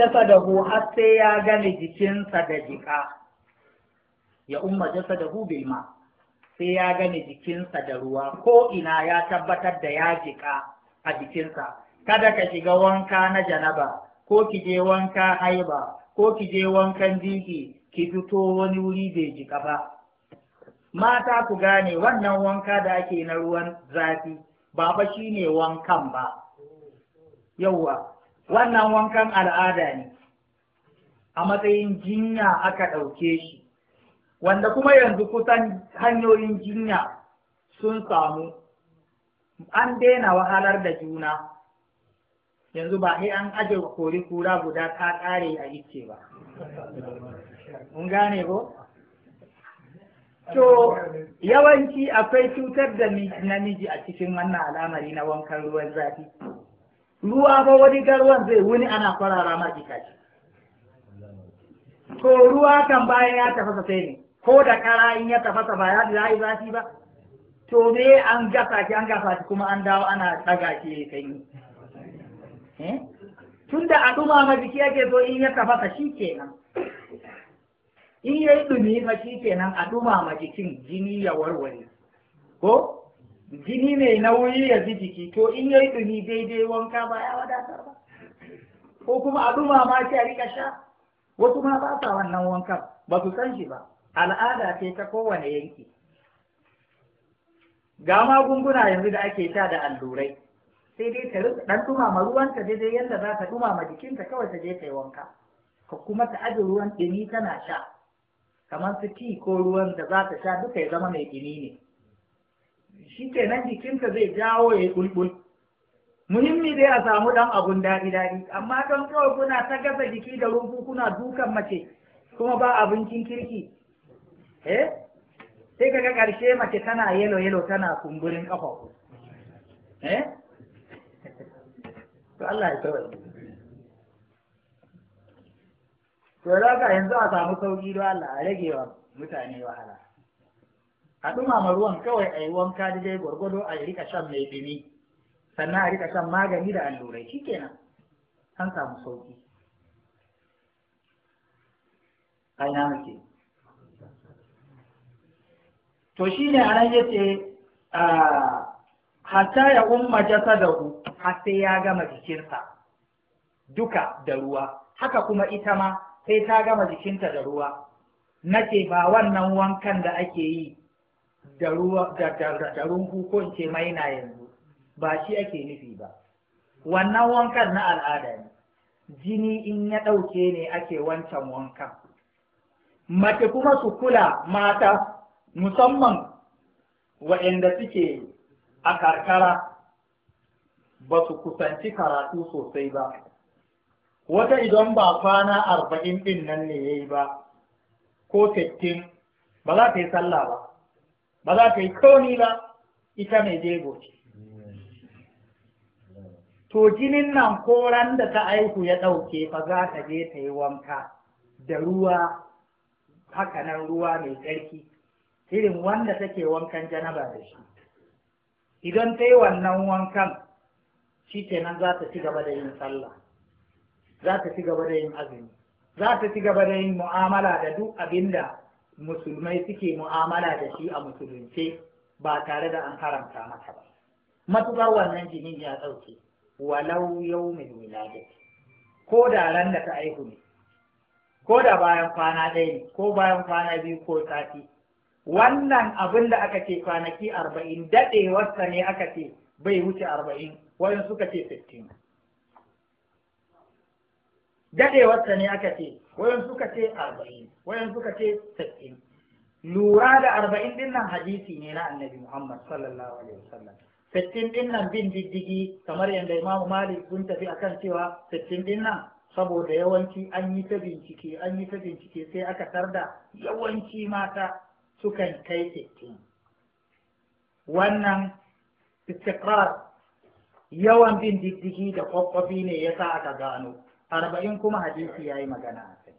hu har sai ya gane jikinsa da jika ya umma da hu bilma sai ya gane jikinsa da ruwa ko ina ya tabbatar da ya jika a jikinsa kada ka shiga wanka na janaba ko kije wanka haiba ko kije wankan jiki ki fito wani wuri bai jika ba mata ku gane wannan wanka da ake na ruwan zafi ba shi ne wankan ba yauwa wannan wankan al'ada ne a matsayin jinya aka ɗauke shi wanda kuma yanzu kusan hanyoyin jinya sun samu an daina wahalar da juna yanzu ba sai an aje kori kura guda ta kare a ice ba mun gane ko to yawanci akwai cutar da namiji a cikin wannan al'amari na wankan ruwan zafi ruwa ba wani garwan zai wuni ana kwarara mar itace to ruwa kan bayan ya tafasa sai ne ko da kara in ya tafasa ba ya yi zafi ba to me an gasa ki an gasa ki kuma an dawo ana daga ki kai Eh? Tunda a a ma jiki yake so in ya tafasa shi kenan in ya yi dumi fa shi kenan a ma jikin jini ya warware ko jini mai nauyi ya ji jiki to in ya yi dumi daidai wanka ba ya wadatar ba ko kuma a ma shi a rika sha wasu ma ba sa wannan wankan ba su san shi ba al'ada ce ta kowane yanki ga magunguna yanzu da ake sha da allurai sai dai ta rusa dan dumama ruwanta daidai yadda za ta dumama jikinta kawai ta je ta wanka ka kuma ta aje ruwan ɗumi tana sha kamar su ti ko ruwan da za ta sha duka ya zama mai ɗumi ne shi kenan jikinta zai jawo ya yi bulbul muhimmi dai a samu dan abun daɗi daɗi amma don kawai kuna ta gasa jiki da rumfu kuna dukan mace kuma ba abincin kirki eh sai kaga ƙarshe mace tana yelo yelo tana kumburin ƙafa eh to Allah ya kawai to da ka yanzu a samu sauki don Allah a rage wa mutane wahala a ɗumama ruwan kawai a yi wanka da dai gwargwado a rika shan mai dumi sannan a rika shan magani da allurai shikenan an samu sauki aina muke to shine anan yace a ah, hatta ya umma ku. har sai ya gama jikinsa duka da ruwa haka kuma ita ma sai ta gama jikinta da ruwa nace ba wannan wankan da ake yi da ruwa da da runku ko ce maina yanzu ba shi ake nufi ba wannan wankan na al'ada ne jini in ya ɗauke ne ake wancan wankan mace kuma su kula mata musamman waɗanda suke a karkara ba su kusanci karatu sosai ba wata idan ba kwana arba'in ɗin nan ne ya yi ba ko sittin ba za ta yi sallah ba ba za ta yi kauni ba ita mai jego ce to jinin nan koran da ta aihu ya ɗauke ba za ta je ta yi wanka da ruwa hakanan ruwa mai tsarki irin wanda take wankan janaba da shi idan ta yi wannan wankan shi kenan za ta ci gaba da yin sallah za ta ci gaba da yin azumi za ta ci gaba da yin mu'amala da duk abin da musulmai suke mu'amala da shi a musulunce ba tare da an haramta mata ba matuƙar wannan jinin ya ɗauke walau yau mai wilada ko da ran da ta aihu ne ko da bayan kwana ɗaya ne ko bayan kwana biyu ko sati wannan abin da aka ce kwanaki arba'in daɗewarsa ne aka ce bai wuce arba'in wayan suka ce sittin daɗewarsa ne aka ce wayan suka ce arba'in wayan suka ce sittin lura da arba'in ɗin nan hadisi ne na annabi muhammad sallallahu alaihi wasallam sittin ɗin nan bin diddigi kamar yadda imamu malik sun tafi akan cewa sittin ɗin nan saboda yawanci an yi ta bincike an yi ta bincike sai aka tarda yawanci mata sukan kai sittin wannan istiqrar yawan bin diddigi da kwakwafi ne ya sa aka gano arba'in kuma hadisi ya yi magana a kai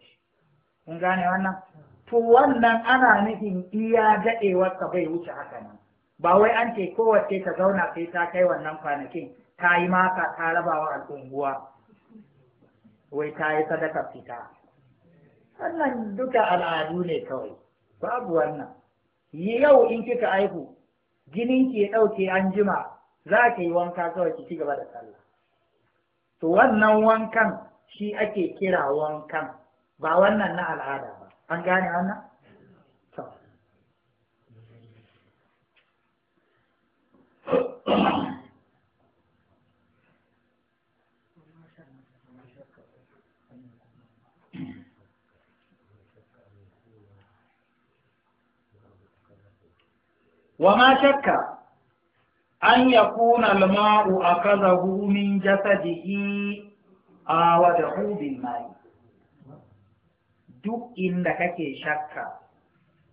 kun gane wannan to wannan ana nufin iya ka bai wuce haka nan ba wai an ce kowace ta zauna sai ta kai wannan kwanakin ta yi maka ta raba wa wai ta yi sadaka fita wannan duka al'adu ne kawai babu wannan yau in kika aihu jinin ki ya ɗauke an jima za ka yi wanka kawai ki ci gaba da sallah to wannan wankan shi ake kira wankan ba wannan na al'ada ba an gane wannan wa ma shakka an ya kuna alma'u a kaza min jasadihi a mai duk inda kake shakka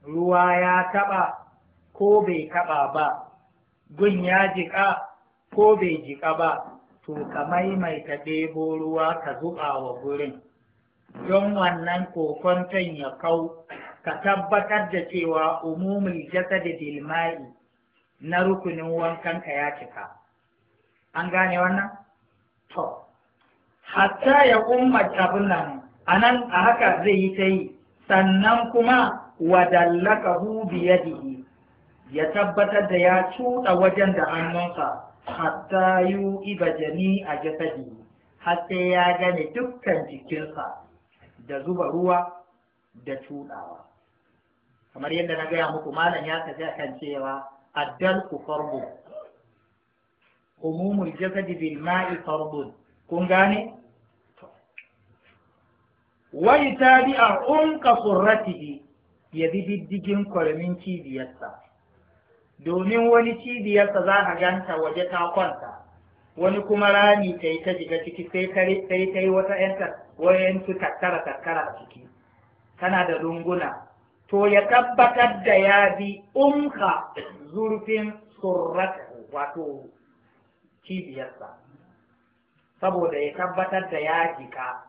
ruwa ya taɓa ko bai taɓa ba gun ya jiƙa ko bai jiƙa ba to ka maimaita ɗebo ruwa ka zuɓa wa gurin don wannan kokonton ya kau ka tabbatar da cewa umumul jasa bil ma'i na rukunin wankan ka ya cika an gane wannan to hatta ya umma abin nan anan a haka zai yi ta yi sannan kuma wadallaka hu biyadihi ya tabbatar da ya cuɗa wajen da hannunsa hatta yu iba jani a jasadi har sai ya gane dukkan jikinsa da zuba ruwa da cuɗawa kamar yadda na gaya muku malam ya tafi kan cewa addal ku farbu umumul jasadi bil ma'i farbun kun gane wa yutabi'a unka surratihi ya bi diddigin kwalmin cibiyarsa domin wani cibiyarsa za a ganta waje ta kwanta wani kuma rami ta yi ta shiga ciki sai ta yi wata su tattara tattara a ciki tana da runguna to ya tabbatar da ya bi umka zurfin surrata wato cibiyarsa saboda ya tabbatar da ya jika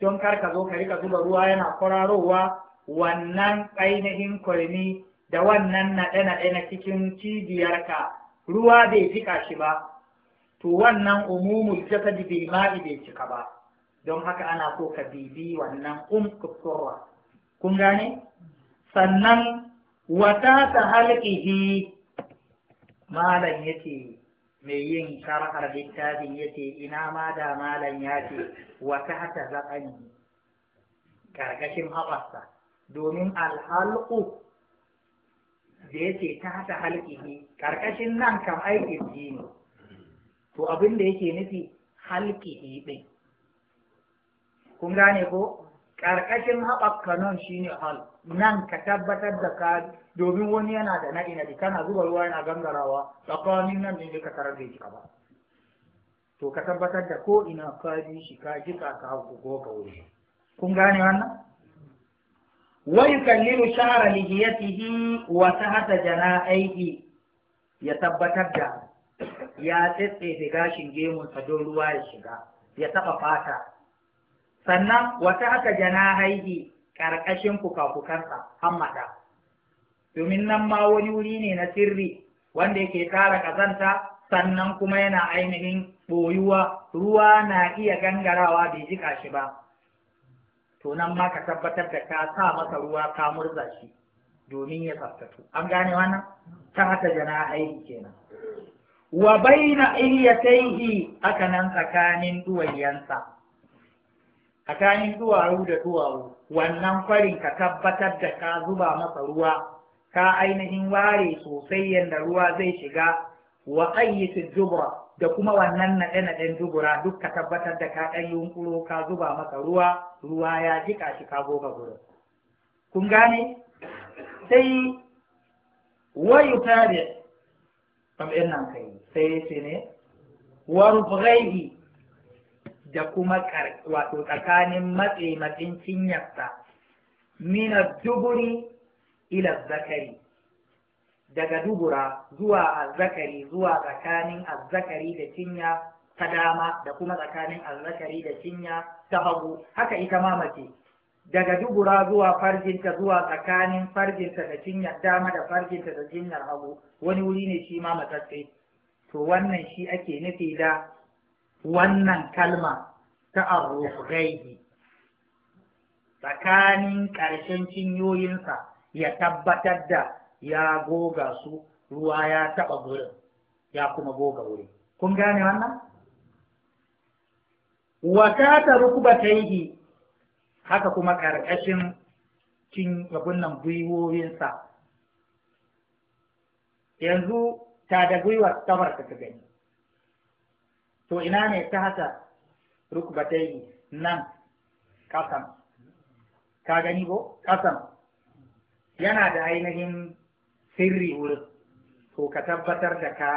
don kar ka zo ka rika zuba ruwa yana kwararowa wannan ainihin kwalmi da wannan naɗe-naɗe na cikin cibiyarka ruwa bai fika shi ba to wannan umumul jasadi bai ma'i bai cika ba don haka ana so ka bibi wannan um kun gane sannan wata ta halƙihi malam ya ce, mai yin sharhar littafin ya ce, ina ma da malam ya ce wata ta zaƙani ƙarƙashin haɓarsa domin alhalƙu da ya ce ta ta halƙihi ƙarƙashin nan kam aikin ji ne to abin da yake nufi halƙihi ɗin kun gane ko ƙarƙashin nan shi shine halƙu nan ka tabbatar da ka domin wani yana da na'inadi kana zuba ruwa yana gangarawa tsakanin nan ne ka tarar da jika ba to ka tabbatar da ko ina ka ji shi ka jika ka hau ko ka wuri kun gane wannan wa yukallilu shahra lihiyatihi wa tahta janaihi ya tabbatar da ya tsetsefe gashin gemunsa don ruwa ya shiga ya taɓa fata sannan wata haka jana ƙarƙashin fuka-fukarsa hammada. domin nan ma wani wuri ne na sirri wanda yake tara ƙazanta sannan kuma yana ainihin ɓoyuwa ruwa na iya gangarawa bai jika shi ba to nan ma ka tabbatar da ka sa masa ruwa ka murza shi domin ya tsaftatu an gane wannan ta haka jana aiki kenan wa baina ihyatayhi akanan nan tsakanin duwayyansa tsakanin duwawu da duwawu wannan farin ka tabbatar da ka zuba masa ruwa ka ainihin ware sosai yadda ruwa zai shiga wa qayyitu dubra da kuma wannan naɗe naɗen dubura duk ka tabbatar da ka ɗan yunƙuro ka zuba masa ruwa ruwa ya jika shi ka goga gurin kun gane sai wayu tabi kam nan kai sai sai ne wa rubghaihi da kuma wato tsakanin matse matsin cinyarsa mina duburi ila zakari daga dubura zuwa azzakari zuwa tsakanin azzakari da cinya ta dama da kuma tsakanin azzakari da cinya ta hagu haka ita ma mace daga dubura zuwa farjinta zuwa tsakanin farjinta da cinyar dama da farjinta da cinyar hagu wani wuri ne shi ma matsatse to wannan shi ake nufi da wannan kalma ta arruhaihi tsakanin ƙarshen cinyoyinsa ya tabbatar da ya goga su ruwa ya taɓa gurin ya kuma goga wuri kun gane wannan wata ta yi haka kuma ƙarƙashin cin abin nan gwiwoyinsa yanzu ta da gwiwar kamar ta gani to ina ne ta hata rukbatai nan kasan ka gani ko kasan yana da ainihin sirri wurin to ka tabbatar da ka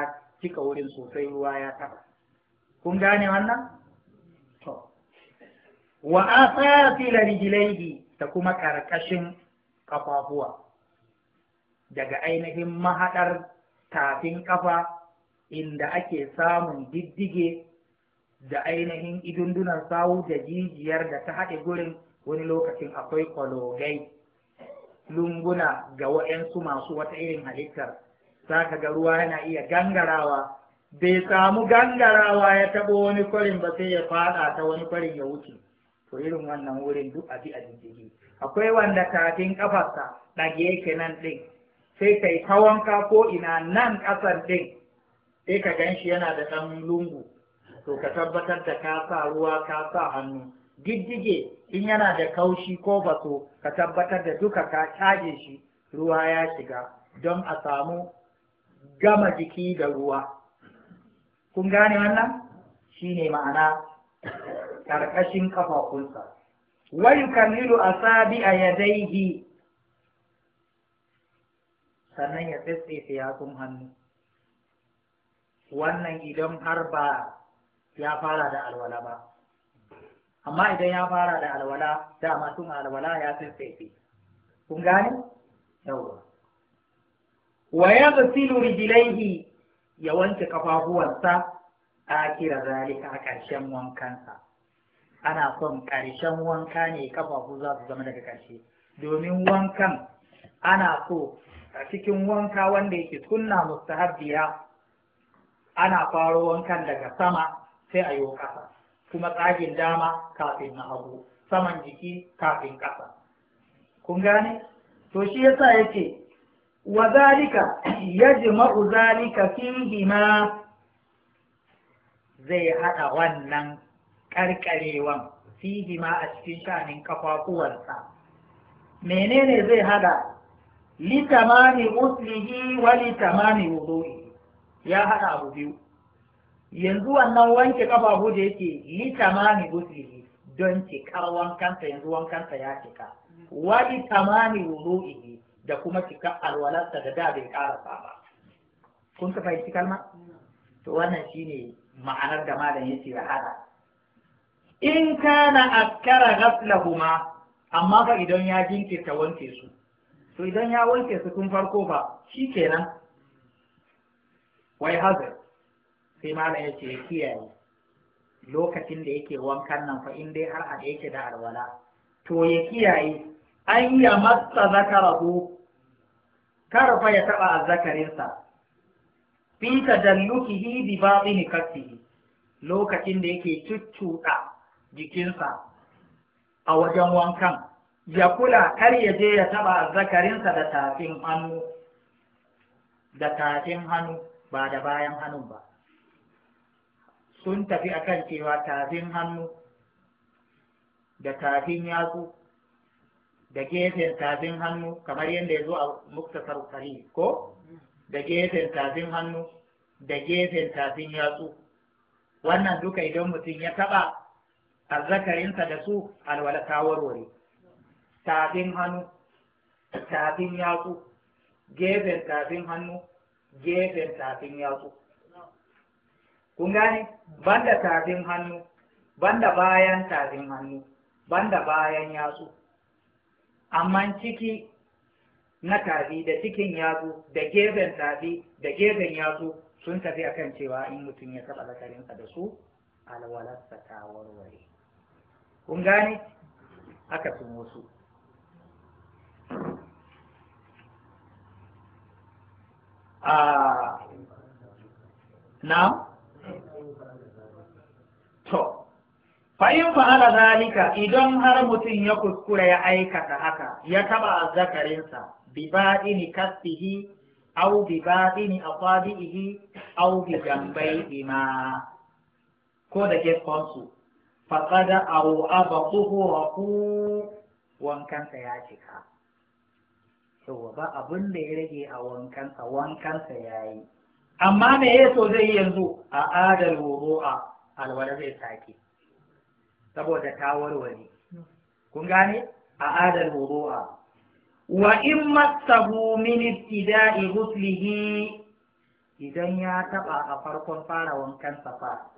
cika wurin sosai ruwa ya taba kun gane wannan to wa la rijlaihi da kuma karkashin kafafuwa daga ainihin mahaɗar tafin kafa inda ake samun diddige da ainihin idundunan sawu da jijiyar da ta haɗe gurin wani lokacin akwai kwalogai lunguna ga wa'yansu masu wata irin halittar za ka ga ruwa yana iya gangarawa bai samu gangarawa ya taɓo wani kwarin ba sai ya faɗa ta wani kwarin ya wuce to irin wannan wurin duk abi a jijigi akwai wanda kafin ƙafarsa ɗage yake nan ɗin sai kai kawon ka ko ina nan ƙasar ɗin sai ka gan shi yana da ɗan lungu to ka tabbatar da ka sa ruwa ka sa hannu diddige in yana da kaushi ko baso ka tabbatar da duka ka caje shi ruwa ya shiga don a samu gama jiki da ruwa kun gane wannan Shi ne ma'ana ƙarƙashin ƙafafunsa wa a sabi a yadaihi sannan ya tsitsefe yatsun hannu wannan idan har ba ya fara da alwala ba amma idan ya fara da alwala dama tun alwala ya tsaife kun gane Yawwa. wa ya yaghsilu rijlaihi ya wanke kafafuwansa a kira zalika a ƙarshen wankansa ana son ƙarshen wanka ne kafafu za su zama daga ƙarshe domin wankan ana so a cikin wanka wanda yake sunna mustahabbiya ana faro wankan daga sama sai a yi ƙasa kuma tsagin dama kafin na hagu saman jiki kafin ƙasa kun gane to shi yasa yake wa zalika yajma'u zalika fihi ma zai haɗa wannan ƙarƙarewan fihi ma a cikin shanin kafafuwarsa menene zai haɗa litamami muslihi wa litamami wudu'i ya haɗa abu biyu yanzu wannan wanke ƙafafu da yake li tamami guslihi don cikar wankansa yanzu wankansa ya cika wa tamani tamami wudu'ihi da kuma cika alwalarsa da da bai karasa ba kun ka fahimci kalma to wannan shine ma'anar da malam yace ya hada in kana akkara ghaslahuma amma fa idan ya jinkirta wanke su to idan ya wanke su tun farko ba shikenan wai hazard sai malam ya ce kiyaye lokacin da yake wankan nan fa in dai har a yake da alwala to ya kiyaye an ya matsa zakarahu kar fa ya taba azzakarinsa fi tajallukihi bi batini kaffihi lokacin da yake cuccuɗa jikinsa a wajen wankan ya kula kar ya je ya taba azzakarinsa da tafin hannu da tafin hannu ba da bayan hannun ba sun tafi a kan cewa tafin hannu da tafin yatsu da gefen tafin hannu kamar yadda ya zo a muktasar sahih ko da gefen tafin hannu da gefen tafin yatsu wannan duka idan mutum ya taɓa azzakarinsa da su alwala ta tafin hannu tafin yatsu gefen tafin hannu gefen tafin yatsu kun gane banda tafin hannu banda bayan tafin hannu banda bayan yatsu amma ciki na tafi da cikin yatsu da gefen tafi da gefen yatsu sun tafi a kan cewa in mutum ya taɓa zakarinsa da su alwalarsa ta warware kun gane aka fi wasu a ah, na To, fa'in fa'ala zalika idan har mutum ya kuskura ya aikata haka, ya taba azzakarinsa, bi baɗini kastihi, au bi baɗini akwadi'ihi, au bi jambai ima ko da gefkonsu, faƙada au aba kuhu wankansa ya cika. Yawwa ba abin da ya rage a wankansa, wankansa ya yi. Amma me yaso zai yanzu a adal wuru'a alwala zai sake saboda ta warware kun gane a adal wudu'a wa in masahu min ibtida'i ghuslihi idan ya taba a farkon fara wankan safa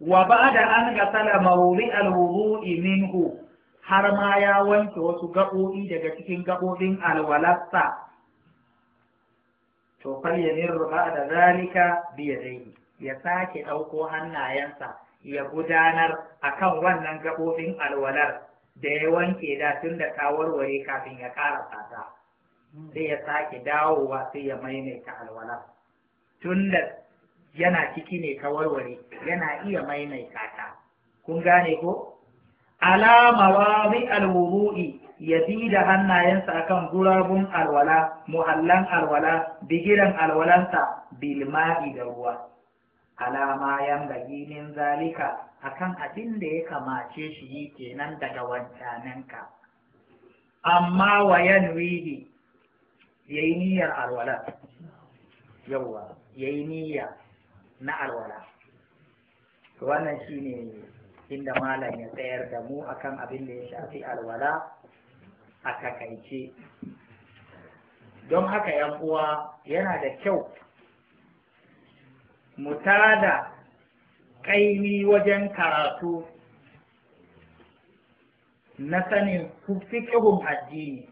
wa ba'da an gasala mawri alwudu'i minhu har ma ya wanke wasu gaɓoɓi daga cikin gaɓoɓin alwalarsa to fal yamirru ba'da zalika bi yadayhi ya sake ɗauko hannayensa ya gudanar a kan wannan gaɓoɓin alwalar da ya wanke da tun da ta warware kafin ya ƙara tsada sai ya sake dawowa sai ya maimaita alwalar tun da yana ciki ne ta warware yana iya maimaita ta kun gane ko alama wa mi alwuru'i ya bi da hannayensa akan gurabun alwala muhallan alwala bigiran alwalansa bilma'i da ruwa alama yan bagi min zalika akan abin da ya kamace shi yi kenan daga ka amma wa yanwihi yayi niyyar alwala yawa yayi niyya na alwala wannan shine inda malam ya tsayar da mu akan abin da ya shafi alwala a takaice don haka yan uwa yana da kyau mu tada ƙaimi wajen karatu na sanin fiƙihun addini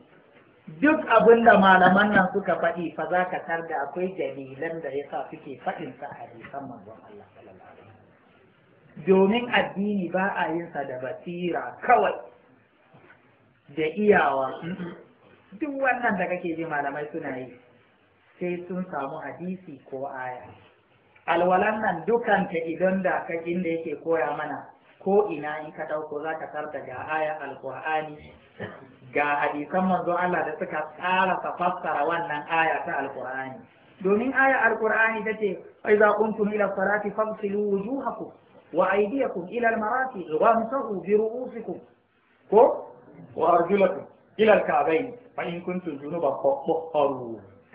duk abin da malaman nan suka faɗi fa za ka tar da akwai dalilan da ya sa suke faɗin sa a hadisan manzon Allah domin addini ba a yin sa da basira kawai da iyawa duk wannan da kake ji malamai suna yi sai sun samu hadisi ko aya alwalan nan ta idan da kakin da yake koya mana ko ina in ka dauko za ka tarta ga aya alƙur'ani ga hadisan manzo Allah da suka tsara fassara wannan aya ta alkur'ani domin aya alkur'ani ta ce iza kuntum ila salati fansilu wujuhakum wa aydiyakum ila wa wamsahu bi ru'usikum ko wa arjulakum ila alka'bayn fa in kuntum junuban fa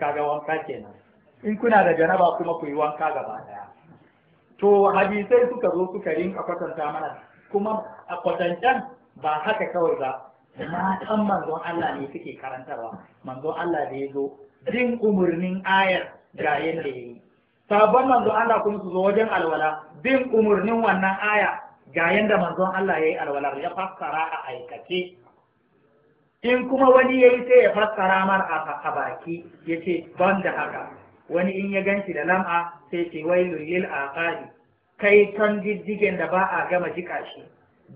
kaga wanka kenan in kuna da janaba kuma ku yi wanka gaba daya to hadisai suka zo suka a kwatanta mana kuma a kwatancan ba haka kawai ba matan manzon Allah ne suke karantarwa manzon Allah da ya zo jin umarnin ayar ga yadda ya yi sabon manzon Allah kuma su zo wajen alwala din umarnin wannan aya ga yadda manzon Allah ya yi alwalar ya fassara a aikace in kuma wani ya yi sai ya fassara mar a baki ya ce ban da haka wani in ya ganshi da lam'a sai ce wai lullil aqali kai ton diddigen da ba a gama jika shi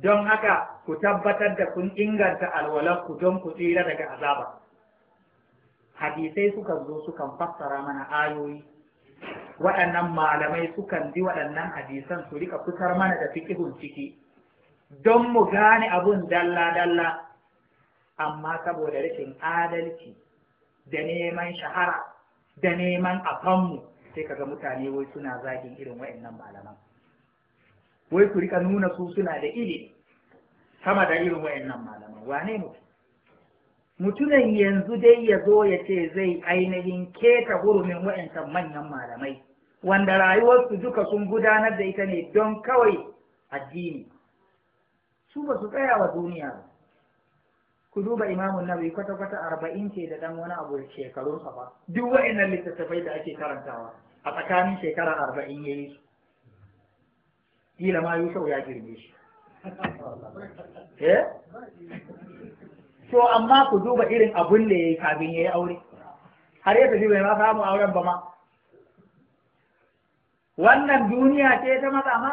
don haka ku tabbatar da kun inganta alwalar ku don ku tsira daga azaba hadisai suka zo sukan fassara mana ayoyi waɗannan malamai sukan ji waɗannan hadisan su rika fitar mana da fikihun ciki don mu gane abun dalla-dalla amma saboda rikin adalci da neman shahara da neman a kanmu sai kaga mutane wai suna zagin irin wa'annan malaman wai ku rika nuna su suna da ilimi sama da irin wa'annan malaman wane ne mutumin yanzu dai ya zo ya ce zai ainihin keta hurumin wa'ancan manyan malamai wanda rayuwarsu duka sun gudanar da ita ne don kawai addini su ba su tsaya wa duniya ku duba imamun nawawi kwata kwata arba'in ce da dan wani abu shekarun sa ba duk wa'annan littattafai da ake karantawa a tsakanin shekara arba'in yayi su kila ma yusuf ya girme shi eh to amma ku duba irin abun da yayi kafin yayi aure har ya tafi bai ma samu auren ba ma wannan duniya ce ta matsa ma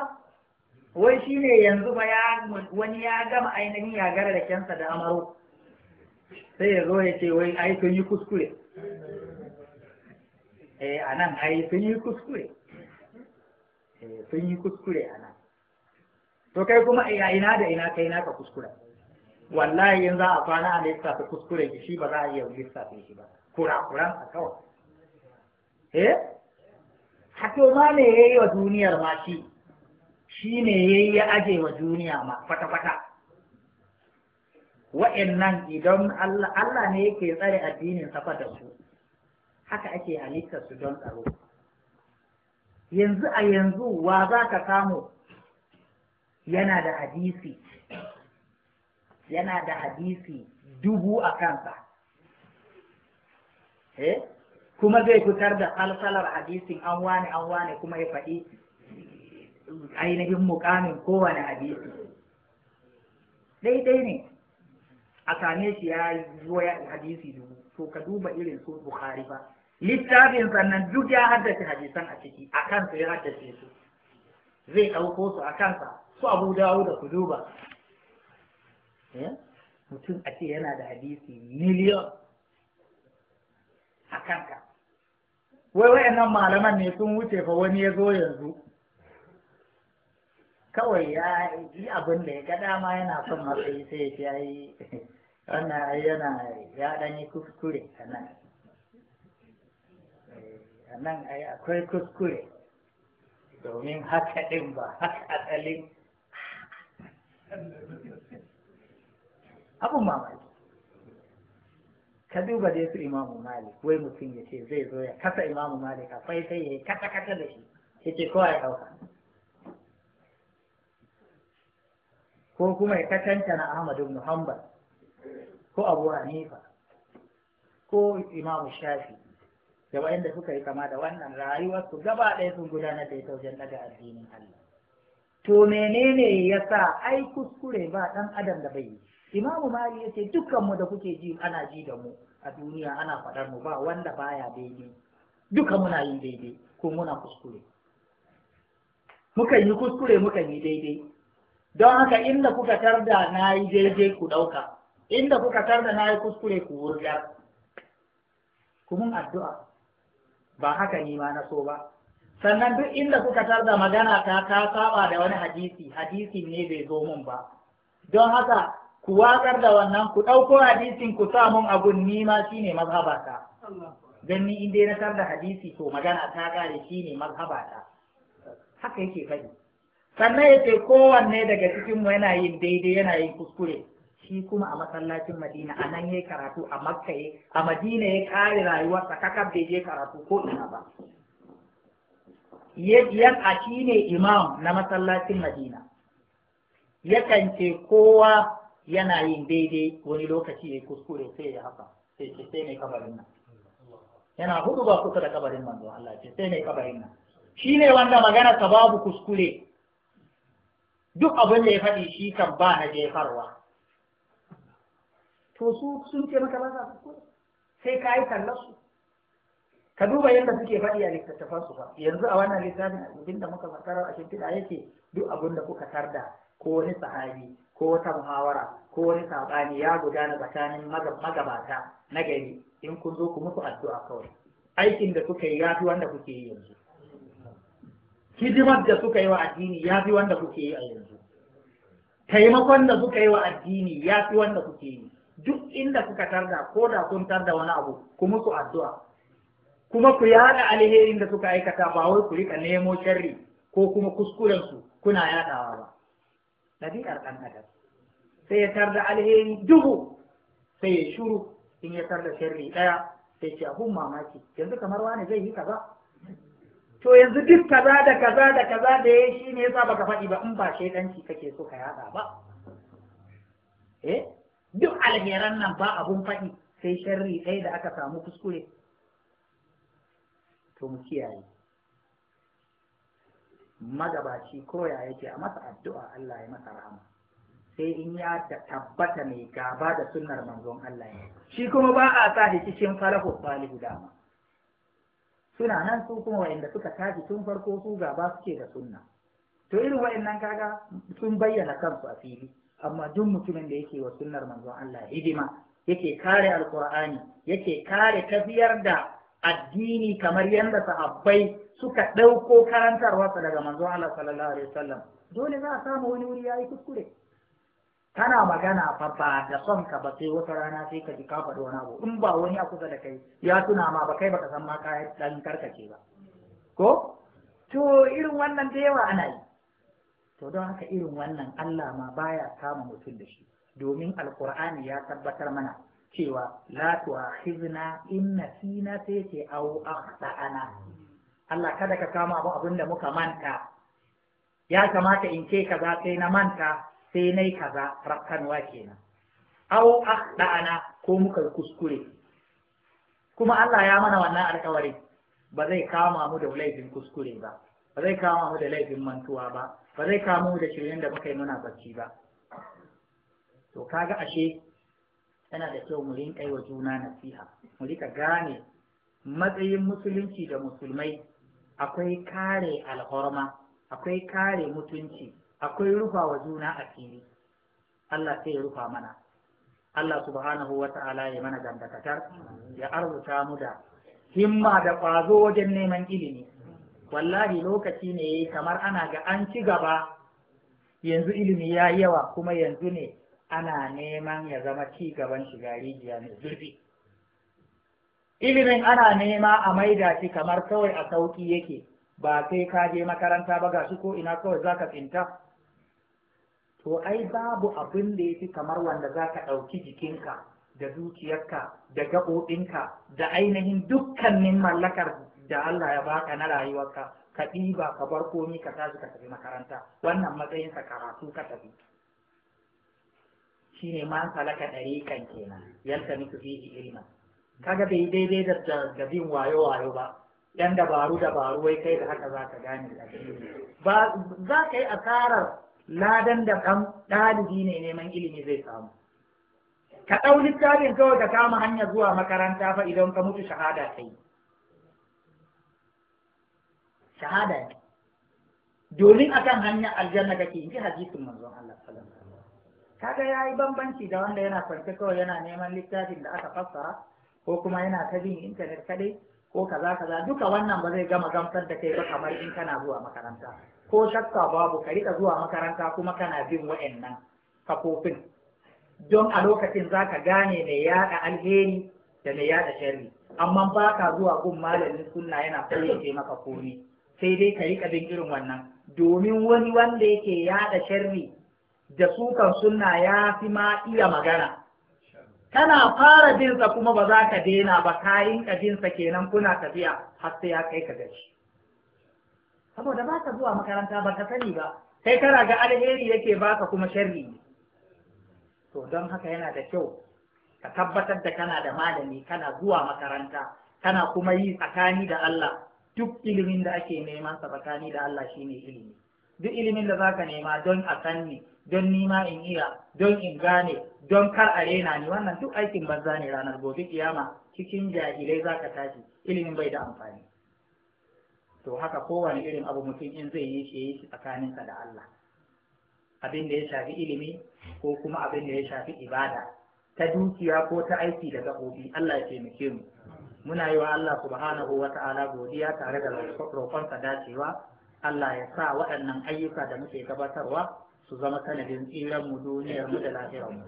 wai shine yanzu ba ya wani ya gama ainihin ya gara da kyansa da amaro sai ya zo ya ce wai ai sun yi kuskure eh a nan ai sun yi kuskure eh, sun yi kuskure a to kai kuma eh, a ina da ina kai naka kuskure wallahi in za a kwana a lissafa kuskure shi ba za a iya lissafa shi ba kurakuran a kawai eh hato ma ne yayi wa duniyar ma shi shi ne yayi ya aje wa duniya ma kwata-kwata wa'annan idan Allah Allah ne yake tsare addinin safa da su haka ake su don tsaro yanzu a yanzu wa za ka samu yana da hadisi yana da hadisi dubu a kansa eh kuma zai fitar da salsalar hadisin an wane an wane kuma ya faɗi ainihin mukamin kowane hadisi daidai ne a same shi ya zo ya hadisi dubu to ka duba irin su bukhari ba littafin sannan duk ya haddace hadisan a ciki a kansa ya haddace su zai ɗauko su a kansa su abu dawo da ku duba eh? mutum a ce yana da hadisi miliyon a kanka wai wayannan malaman ne sun wuce fa wani ya zo yanzu kawai ya yi abin da ya ga dama yana son matsayi sai ya yi wannan yana ya dan yi kuskure a nan eh, a nan akwai kuskure domin haka ɗin ba haka asalin abin mamaki ka duba dai su imamu malik wai mutum ya ce zai zo ya kasa imamu malik a sai ya yi kasa kasa da shi ya ce kawai ya ɗauka ko kuma ya katanta na Ahmad ibn ko Abu Hanifa ko Imam Shafi da wa'inda suka yi kama da wannan rayuwar su gaba ɗaya sun gudanar da ita wajen daga addinin Allah to menene yasa ai kuskure ba dan adam da bai Imam Mali yace dukkan mu da kuke ji ana ji da mu a duniya ana faɗar mu ba wanda baya daidai Dukkan muna yin daidai ko muna kuskure muka yi kuskure muka yi daidai don haka inda kuka tarda na yi daidai ku ɗauka inda kuka tarda na yi kuskure ku wurgar ku mun addu'a ba haka ni ma na so ba sannan duk inda kuka tarda magana ta ta saba da wani hadisi hadisi ne bai zo mun ba don haka ku watsar da wannan ku ɗauko hadisin ku sa mun abun ni ma shine mazhabata dan ni in dai na tarda hadisi to magana ta kare shine mazhabata haka yake faɗi sannan ya ce kowanne daga cikinmu yana yin daidai yana yin kuskure shi kuma a masallacin madina a nan ya karatu a makka ya a madina ya kare rayuwarsa kakar da ya karatu ko ina ba yan a shi ne imam na masallacin madina yakan ce kowa yana yin daidai wani lokaci ya kuskure sai ya haka sai ce sai mai kabarin nan yana hudu ba kusa da kabarin manzo Allah ce sai mai kabarin nan shine wanda magana sababu kuskure duk abin da ya faɗi shi kan ba na jefarwa to su sun ce maka maza sai ka yi kallon ka duba yadda suke faɗi a littattafan ba yanzu a wannan littafin abin da muka fasara a cikin shimfiɗa yake duk abin da kuka tarda ko wani sahabi ko wata muhawara ko wani saɓani ya gudana tsakanin magabata na gari in kun zo ku muku addu'a kawai aikin da kuka yi ya fi wanda kuke yi yanzu hidimar da suka yi wa addini ya fi wanda kuke yi a yanzu taimakon da suka yi wa addini ya fi wanda kuke yi duk inda kuka tarda ko da kun tarda wani abu kuma ku addu'a kuma ku yada alherin da suka aikata ba wai ku rika nemo sharri ko kuma kuskuren su kuna yadawa ba ɗabi'ar ɗan sai ya tarda alheri dubu sai ya shuru in ya tarda sharri ɗaya sai ce abun mamaki yanzu kamar wani zai yi kaza to yanzu duk kaza da kaza da kaza da ya shi ne yasa baka faɗi ba in ba shaidanci kake so ka yada ba eh duk alheran nan ba abun faɗi sai sharri ɗaya da aka samu kuskure to mu kiyaye magabaci ko yake a masa addu'a Allah ya masa rahama sai in ya tabbata mai gaba da sunnar manzon Allah ya shi kuma ba a sa shi cikin falafu salihu dama suna nan su kuma wa'inda suka tashi tun farko su gaba ke da sunna to irin wa'innan kaga sun bayyana kansu a fili amma duk mutumin da yake wa sunnar manzon Allah hidima yake kare alkur'ani yake kare tafiyar da addini kamar yadda sahabbai suka ɗauko karantarwarsa daga manzon Allah sallallahu alaihi wasallam dole za a samu wani wuri yayi kuskure kana magana fa ba da son ka ba sai wata rana sai ka ji ka faɗi wani abu in ba wani a kusa da kai ya tuna ma ba kai baka san ma kayan ɗan karkace ba ko to irin wannan da yawa ana yi to don haka irin wannan Allah ma baya kama mutum da shi domin alqur'ani ya tabbatar mana cewa la tu'akhizna in nasina sai ce au akhtana Allah kada ka kama abu abinda da muka manta ya kamata in ce ka za sai na manta sai nai kaza rakkanwa kenan aw akhda'ana ko muka kuskure kuma Allah ya mana wannan alƙawari ba zai kama mu da laifin kuskure ba ba zai kama mu da laifin mantuwa ba ba zai kama mu da shirin da muka yi muna bacci ba to kaga ashe yana da kyau mu rinka yi wa juna nasiha mu rika gane matsayin musulunci da musulmai akwai kare alhorma akwai kare mutunci akwai rufa wa juna fili Allah sai ya rufa mana Allah subhanahu wa ta'ala ya mana dangantakar ya arzuta mu da himma da ƙwazo wajen neman ilimi wallahi lokaci ne kamar ana ga an ci gaba yanzu ilimi ya yawa kuma yanzu ne ana neman ya zama ci gaban shiga rijiya mai zurfi ilimin ana nema a maida shi kamar kawai a sauki yake ba sai ka je makaranta ba ga shi ko ina kawai zaka ka tsinta to ai babu abin da fi kamar wanda za ka ɗauki jikinka da dukiyarka da gaɓoɓinka da ainihin dukkanin mallakar da Allah ya baka na rayuwarka ka ɗiba ka bar komi ka tashi ka tafi makaranta wannan matsayinsa karatu ka tafi ne man salaka kan kenan ni muku ji ilma kaga bai daidai da da bin wayo wayo ba yan dabaru dabaru wai kai da haka zaka gane ba za ka yi asarar ladan da ɗan ɗalibi ne neman ilimi zai samu ka ɗau littafin kawai ka kama hanya zuwa makaranta fa idan ka mutu shahada ta yi shahada ne domin akan hanyar aljanna kake in ji hadisin manzon Allah sallallahu alaihi wasallam kaga yayi bambanci da wanda yana kwanci kawai yana neman littafin da aka fassara ko kuma yana ta bin intanet kadai ko kaza kaza duka wannan ba zai gama gamsar da kai ba kamar in kana zuwa makaranta ko shakka babu ka rika zuwa makaranta kuma kana bin wa'annan kafofin don a lokacin za ka gane mai yaɗa alheri da mai yada sharri amma ba ka zuwa gun malamin sunna yana fayyace maka komi sai dai ka rika bin irin wannan domin wani wanda yake yada sharri da sukan sunna ya fi ma iya magana kana fara jinsa kuma ba za ka daina ba kayan ka jinsa kenan kuna tafiya har sai ya kai ka gaci saboda ba ka zuwa makaranta ba ka sani ba sai kana ga alheri yake baka kuma sharri to don haka yana da kyau ka tabbatar da kana da malami kana zuwa makaranta kana kuma yi tsakani da Allah duk ilimin da ake neman sa tsakani da Allah shine ilimi duk ilimin da za ka nema don a sanni don nima in iya don in gane don kar a rena ni wannan duk aikin banza ne ranar gobe kiyama cikin jahilai zaka tashi ilimin bai da amfani to haka kowane irin abu mutum in zai yi shi yi shi tsakaninsa da Allah abin da ya shafi ilimi ko kuma abin da ya shafi ibada ta dukiya ko ta aiki da gaɓoɓi Allah ya taimake mu muna yi wa Allah subhanahu wa ta'ala godiya tare da roƙonsa dacewa Allah ya sa waɗannan ayyuka da muke gabatarwa su zama sanadin tsiran mu duniyar mu da lafiyar mu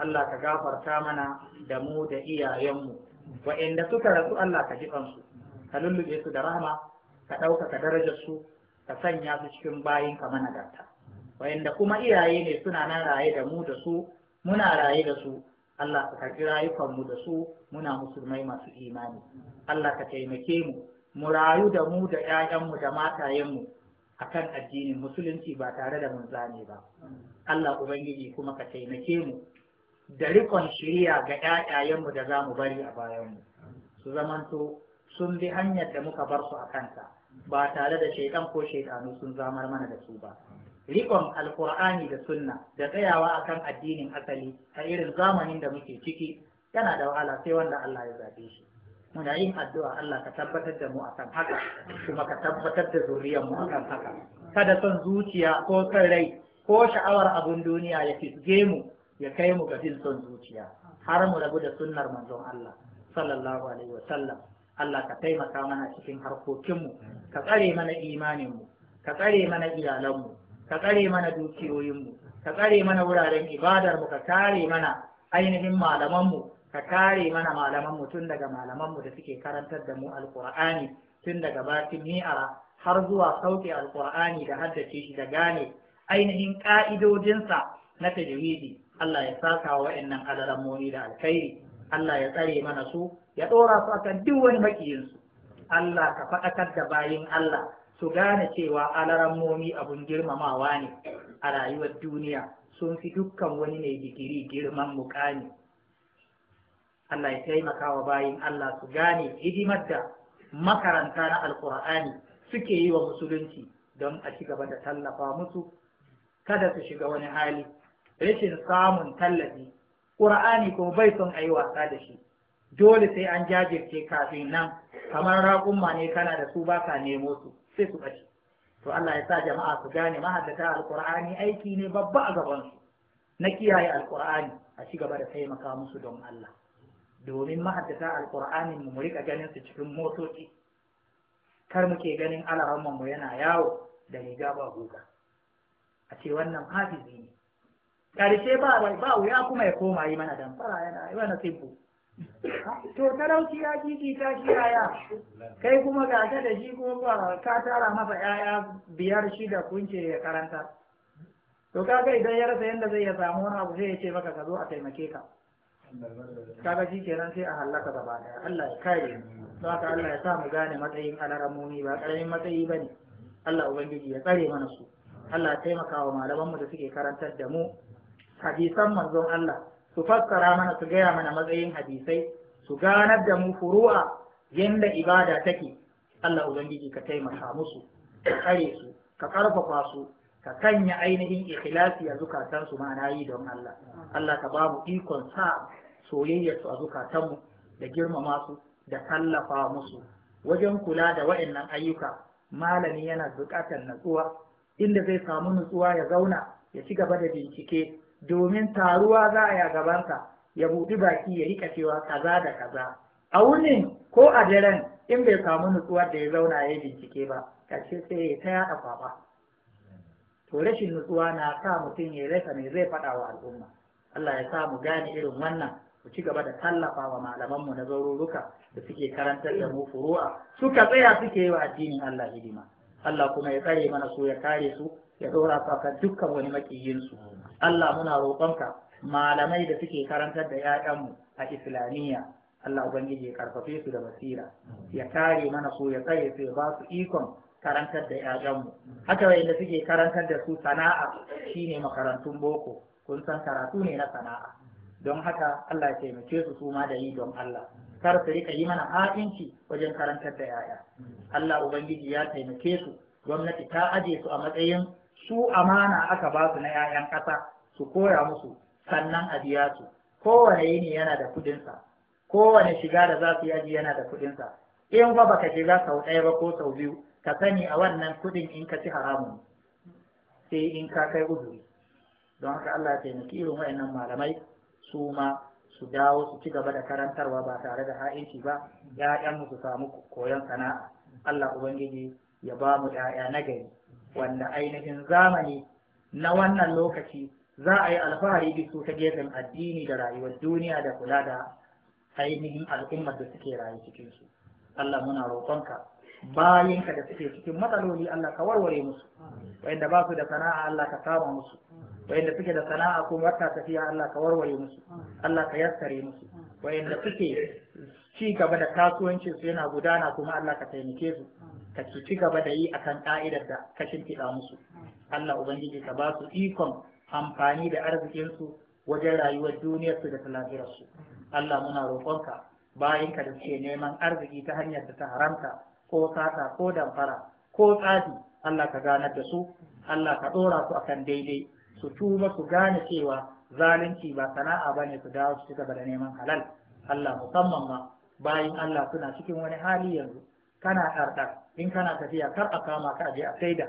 Allah ka gafarta mana da mu da iyayen mu wa'anda suka rasu Allah ka ji su. ka lullube su da rahama ka ɗaukaka darajar su ka sanya su cikin bayin ka managarta wayanda kuma iyaye ne suna nan raye da mu da su muna raye da su Allah ka rayukan rayukanmu da su muna musulmai masu imani Allah ka taimake mu mu rayu da mu da mu da matayenmu akan addinin musulunci ba tare da mun zane ba Allah ubangiji kuma ka taimake mu da rikon shiriya ga mu da zamu bari a bayan mu su zamanto sun bi hanyar da muka bar su a kanta ba tare da shaidan ko shaitanu sun zamar mana da su ba rikon alkur'ani da sunna da tsayawa akan addinin asali a irin zamanin da muke ciki yana da wahala sai wanda Allah ya zabe shi muna yin addu'a Allah ka tabbatar da mu akan haka kuma ka tabbatar da zuriyar mu akan haka kada son zuciya ko son rai ko sha'awar abun duniya ya fisge mu ya kai mu ga jin son zuciya har mu rabu da sunnar manzon Allah sallallahu alaihi wa sallam Allah ka taimaka mana cikin harkokinmu ka tsare mana imaninmu ka tsare mana iyalanmu ka tsare mana dukiyoyinmu ka tsare mana wuraren ibadarmu ka kare mana ainihin malamanmu ka kare mana malamanmu tun daga malamanmu da suke karantar da mu alkur'ani tun daga bakin mi'ara har zuwa sauke alkur'ani da haddace shi da gane ainihin ƙa'idodinsa na tajwidi Allah ya saka wa wa'annan adaramoni da alkhairi Allah ya tsare mana su ya ɗora su akan duk wani makiyinsu Allah ka faɗakar da bayin Allah su gane cewa alarammomi abun girmamawa ne a rayuwar duniya sun fi dukkan wani mai digiri girman mukami Allah ya taimaka wa bayin Allah su gane hidimar da makaranta na alkur'ani suke yi wa musulunci don a ci gaba da tallafa musu kada su shiga wani hali rashin samun tallafi ƙur'ani kuma bai son a yi wasa da shi dole sai an jajirce kafin nan kamar raƙumma ne kana da su ba ka nemo su sai su ɓace to Allah ya sa jama'a su gane mahaddata alƙur'ani aiki ne babba a gabansu na kiyaye alƙur'ani a ci gaba da taimaka musu don Allah domin mahaddata alƙur'ani mu rika ganin su cikin motoci kar muke ganin alaramman mu yana yawo da riga ba guga a ce wannan hafizi ne ƙarshe ba ba wuya kuma ya koma yi mana damfara yana yi mana simple to talauci ya kiki ta shi yaya kai kuma ga ta da shi kuma ba ka tara masa yaya biyar shida kunce ya karanta to ka ga idan ya rasa yadda zai ya samu wani abu sai ya ce maka ka zo a taimake ka kaga shi kenan sai a hallaka gaba daya Allah ya kare mu don haka Allah ya sa mu gane matsayin alaramomi ba karamin matsayi bane Allah ubangiji ya tsare mana su Allah ya taimaka wa malaman mu da suke karantar da mu hadisan manzon Allah su fassara mana su gaya mana matsayin hadisai su ganar da mu furu'a yanda ibada take Allah ubangiji ka taimaka musu ka tsare su ka karfafa su ka kanya ainihin ikhlasi a zukatansu ma'ana yi don Allah Allah ka bamu ikon sa soyayyar su a zukatanmu da girmama su da tallafa musu wajen kula da wa'annan ayyuka malami yana buƙatar natsuwa inda zai samu natsuwa ya zauna ya ci gaba da bincike domin taruwa za a ya gabansa ya buɗi baki ya riƙa cewa kaza da kaza a wunin ko a daren in bai samu nutsuwar da ya zauna ya bincike ba ƙarshe sai ya ta yaɗa kwaba to rashin nutsuwa na sa mutum ya rasa mai zai faɗa wa al'umma Allah ya sa mu gane irin wannan mu ci gaba da tallafa wa malamanmu na zaruruka da suke karantar da mu furu'a suka tsaya suke yi wa addinin Allah hidima Allah kuma ya tsare mana su ya kare su ya dora su dukkan wani makiyinsu Allah muna roƙonka malamai da suke karantar da mu a islamiyya Allah ubangiji ya karfafe su da basira ya kare mana su ya tsaye su ya ba su ikon karantar da mu haka wanda suke karantar da su sana'a shine makarantun boko kun san karatu ne na sana'a don haka Allah ya taimake su su da yi don Allah kar su rika yi mana ha'inci wajen karantar da 'ya'ya Allah ubangiji ya taimake su gwamnati ta aje su a matsayin su amana aka ba su na 'ya'yan ƙasa su koya musu sannan a biya su kowane yini yana da kuɗinsa kowane shiga da za su yaji yana da kuɗinsa in ba baka shiga sau ɗaya ba ko sau biyu ka sani a wannan kuɗin in ka ci haramun sai in ka kai uzuri don haka Allah ya taimaki irin wa'annan malamai su ma su dawo su ci gaba da karantarwa ba tare da ha'inci ba ya'yan mu su samu koyon sana'a Allah Ubangiji ya ba mu ‘ya'ya na gari wanda ainihin zamani na wannan lokaci za a yi alfahari da su ta gefen addini da rayuwar duniya da kula da ainihin al'ummar da suke rayu cikin su Allah muna roƙonka bayinka da suke cikin matsaloli Allah ka warware musu wanda ba su da sana'a Allah ka kama musu wanda suke da sana'a ko wata tafiya Allah ka warware musu Allah ka yassare musu wanda suke ci gaba da kasuwancin su yana gudana kuma Allah ka taimake su ka ci gaba da yi akan ka'idar da ka shimfiɗa musu Allah ubangiji ka ba su ikon amfani da arzikinsu wajen rayuwar duniyarsu da lafiyarsu Allah muna roƙonka bayan ka da suke neman arziki ta hanyar da ta haramta ko sata ko damfara ko tsafi Allah ka ganar da su Allah ka ɗora su akan daidai su tuba su gane cewa zalunci ba sana'a ba ne su dawo su gaba da neman halal Allah musamman ma bayan Allah suna cikin wani hali yanzu kana ɗarɗar in kana tafiya kar a kama ka je a saida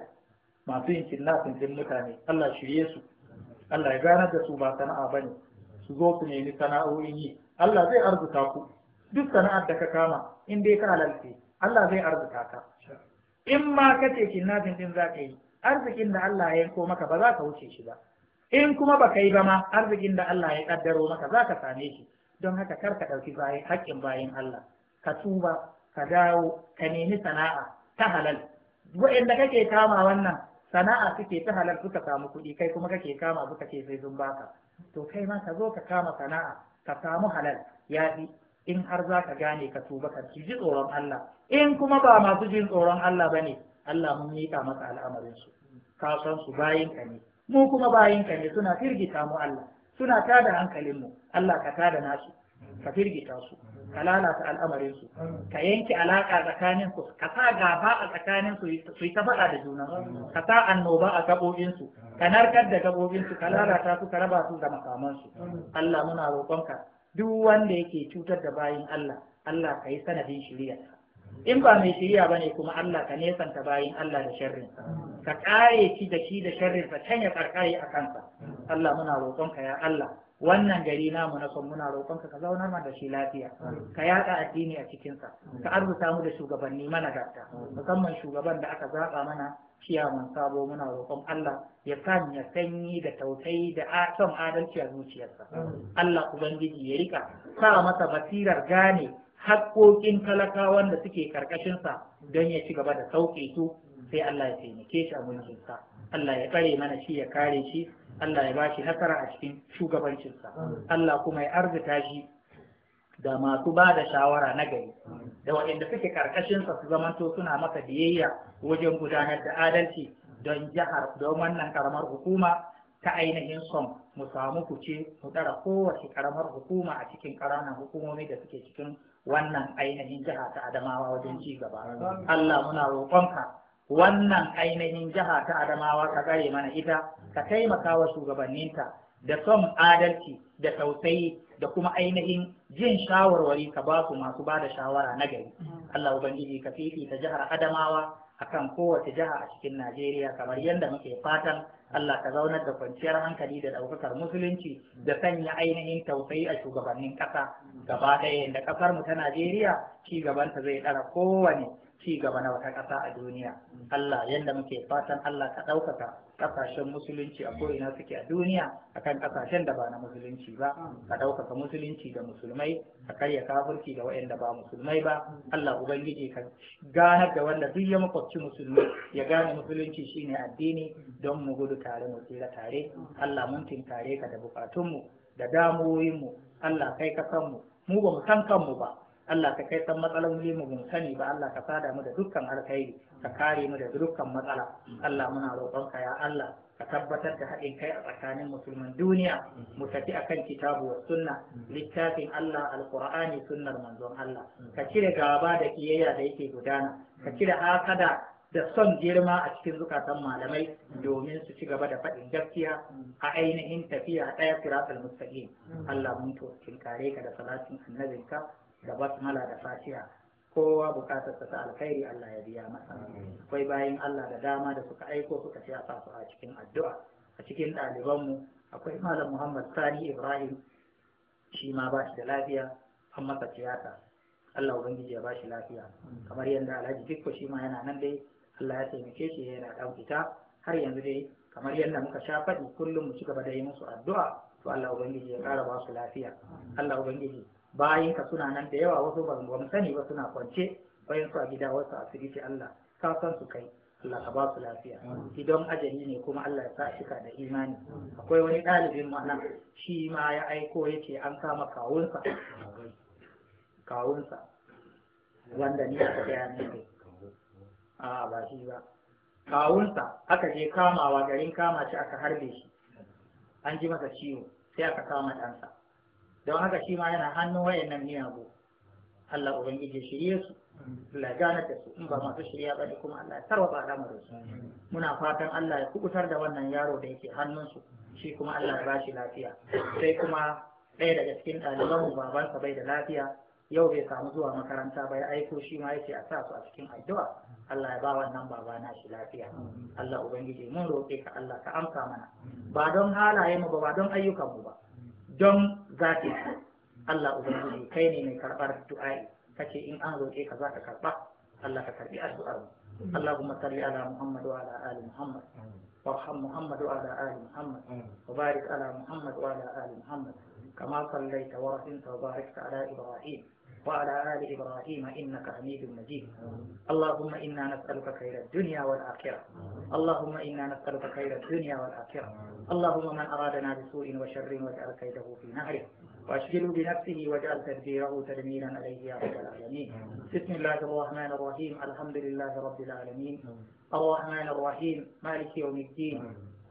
masu yin nasin mutane Allah shirye su Allah ya ganar da su ba sana'a ba ne. su zo su nemi sana'o'in yi Allah zai arzuta ku duk sana'ar da ka kama in dai ka halalce Allah zai arzuta ka in ma kace nasin din za ka yi arzikin da Allah ya yanko maka ba za ka wuce shi ba in kuma ba ka yi ba ma arzikin da Allah ya kaddaro maka za ka same shi don haka kar ka ɗauki bayan haƙƙin bayan Allah ka tuba ka dawo ka nemi sana'a ta halal wa'anda kake kama wannan sana'a suke ta halal suka samu kuɗi kai kuma kake kama suka ce sai sun baka to kai ma ka zo ka kama sana'a ka samu halal ya fi in har za ka gane ka tuba ka ji tsoron Allah in kuma ba masu jin tsoron Allah bane Allah mun miƙa masa al'amarin su ka san su bayin ka ne mu kuma bayin ka ne suna firgita mu Allah suna tada hankalin mu Allah ka tada nasu ka firgita su ka lalata al'amarin su ka yanke alaka tsakanin su ka sa gaba a tsakanin su su yi ta faɗa da juna ka sa annoba a gabobin su ka narkar da gabobin su ka lalata su ka raba su da makaman su Allah muna roƙonka duk wanda yake cutar da bayin Allah Allah ka yi sanadin shirya. in ba mai shirya ba ne kuma Allah ka nesanta bayin Allah da sharrin ka kare shi da shi da sharrin sa can ya karkare a kansa Allah muna roƙonka ya Allah wannan gari mu na son muna roƙonka ka zauna mana da shi lafiya ka yaɗa addini a cikinsa ka arzuta mu da shugabanni mana gata musamman shugaban da aka zaɓa mana ciyaman sabo muna roƙon Allah ya sanya sanyi da tausayi da son adalci a zuciyarsa Allah ubangiji ya rika sa masa basirar gane haƙƙoƙin talakawan da suke karkashinsa don ya ci gaba da sauƙe su sai Allah ya taimake shi a mulkinsa Allah ya tsare mana shi ya kare shi Allah ya bashi nasara a cikin shugabancinsa Allah kuma ya arzuta shi da masu ba da shawara na gari da waɗanda suke karkashinsa su zamanto suna masa biyayya wajen gudanar da adalci don jihar don wannan karamar hukuma ta ainihin son mu samu kuce mu ɗara kowace karamar hukuma a cikin ƙananan hukumomi da suke cikin wannan ainihin jiha ta adamawa wajen ci gaba Allah muna roƙonka wannan ainihin jiha ta adamawa ka tsare mana ita ka taimaka wa shugabanninta da son adalci da tausayi da kuma ainihin jin shawarwari ka ba su masu ba da shawara na gari Allah ubangiji ka ta jihar adamawa akan kowace jiha a cikin Najeriya kamar yadda muke fatan Allah ka zaunar da kwanciyar hankali da ɗaukakar musulunci da sanya ainihin tausayi a shugabannin ƙasa gaba ɗaya da ƙasar mu ta Najeriya ci gabanta zai ɗara kowane ci gaba na wata ƙasa a duniya Allah yadda muke fatan Allah ka ɗaukaka ƙasashen musulunci a ko'ina suke a duniya akan ƙasashen da ba na musulunci ba ka ɗaukaka musulunci da musulmai ka karya kafirci da waɗanda ba musulmai ba Allah ubangiji ka ganar da wanda duk ya makwabci musulmi ya gane musulunci shine addini don mu gudu tare mu tsira tare Allah mun tinkare ka da bukatunmu da damuwoyinmu Allah kai ka san mu mu ba mu san kanmu ba Allah ka kai san matsalolin mu mun sani ba Allah ka sada mu da dukkan alkhairi ka kare mu da dukkan matsala Allah muna rokon ya Allah ka tabbatar da haɗin kai a tsakanin musulman duniya mu tafi akan kitabu wa sunna littafin Allah alqur'ani sunnar manzon Allah ka cire gaba da kiyayya da yake gudana ka cire hasada da son girma a cikin zukatan malamai domin su ci gaba da faɗin gaskiya a ainihin tafiya ɗaya siratul mustaqim Allah mun to kare ka da salatin annabinka da basmala da fatiha kowa bukatar ta alkhairi Allah ya biya masa akwai bayin Allah da dama da suka aiko suka ce su a cikin addu'a a cikin ɗalibanmu akwai malam Muhammad Sani Ibrahim shi ma ba shi da lafiya an masa tiyata Allah ubangiji ya ba shi lafiya kamar yadda Alhaji Dikko shi ma yana nan dai Allah ya taimake shi yana ɗan fita har yanzu dai kamar yadda muka sha faɗi kullum mu ci gaba da yi musu addu'a to Allah ubangiji ya ƙara ba su lafiya Allah ubangiji bayan ka suna nan da yawa wasu ba mu sani ba suna kwance bayan su a gida wasu asibiti Allah ka san su kai Allah ka ba su lafiya idan ajali ne kuma Allah ya sa shika da imani akwai wani ɗalibin mana shi ma ya aiko ya ce an kama kawunsa kawunsa wanda ni aka gaya ne kai a ba shi ba kawunsa aka je kamawa garin kama shi aka harbe shi an ji masa ciwo sai aka kama ɗansa don haka shi ma yana hannun wayannan miyagu Allah ubangiji shirye su Allah gane da su in ba masu shirya ba ne kuma Allah ya tarwata al'amarin su muna fatan Allah ya kubutar da wannan yaro da yake hannun su shi kuma Allah ya bashi lafiya sai kuma ɗaya daga cikin baban sa bai da lafiya yau bai samu zuwa makaranta ba ya aiko shi ma yake a sa su a cikin addu'a Allah ya ba wannan baba na shi lafiya Allah ubangiji mun roƙe ka Allah ka amsa mana ba don halaye mu ba ba don ayyukan mu ba don za ka yi Allah Ubangiji kai ne mai karɓar du'a'i kace in an roƙe ka za ka karɓa Allah ka karɓi addu'ar mu Allahumma salli ala Muhammad ala ali Muhammad wa rahmu ala ali Muhammad wa ala Muhammad ala ali Muhammad kama sallaita wa rahimta wa barikta ala Ibrahim وعلى آل إبراهيم إنك حميد مجيد اللهم إنا نسألك خير الدنيا والآخرة اللهم إنا نسألك خير الدنيا والآخرة اللهم من أرادنا بسوء وشر واجعل كيده في نهره واشغله بنفسه واجعل تدبيره تدميرا عليه يا رب العالمين بسم الله الرحمن الرحيم الحمد لله رب العالمين الرحمن الرحيم مالك يوم الدين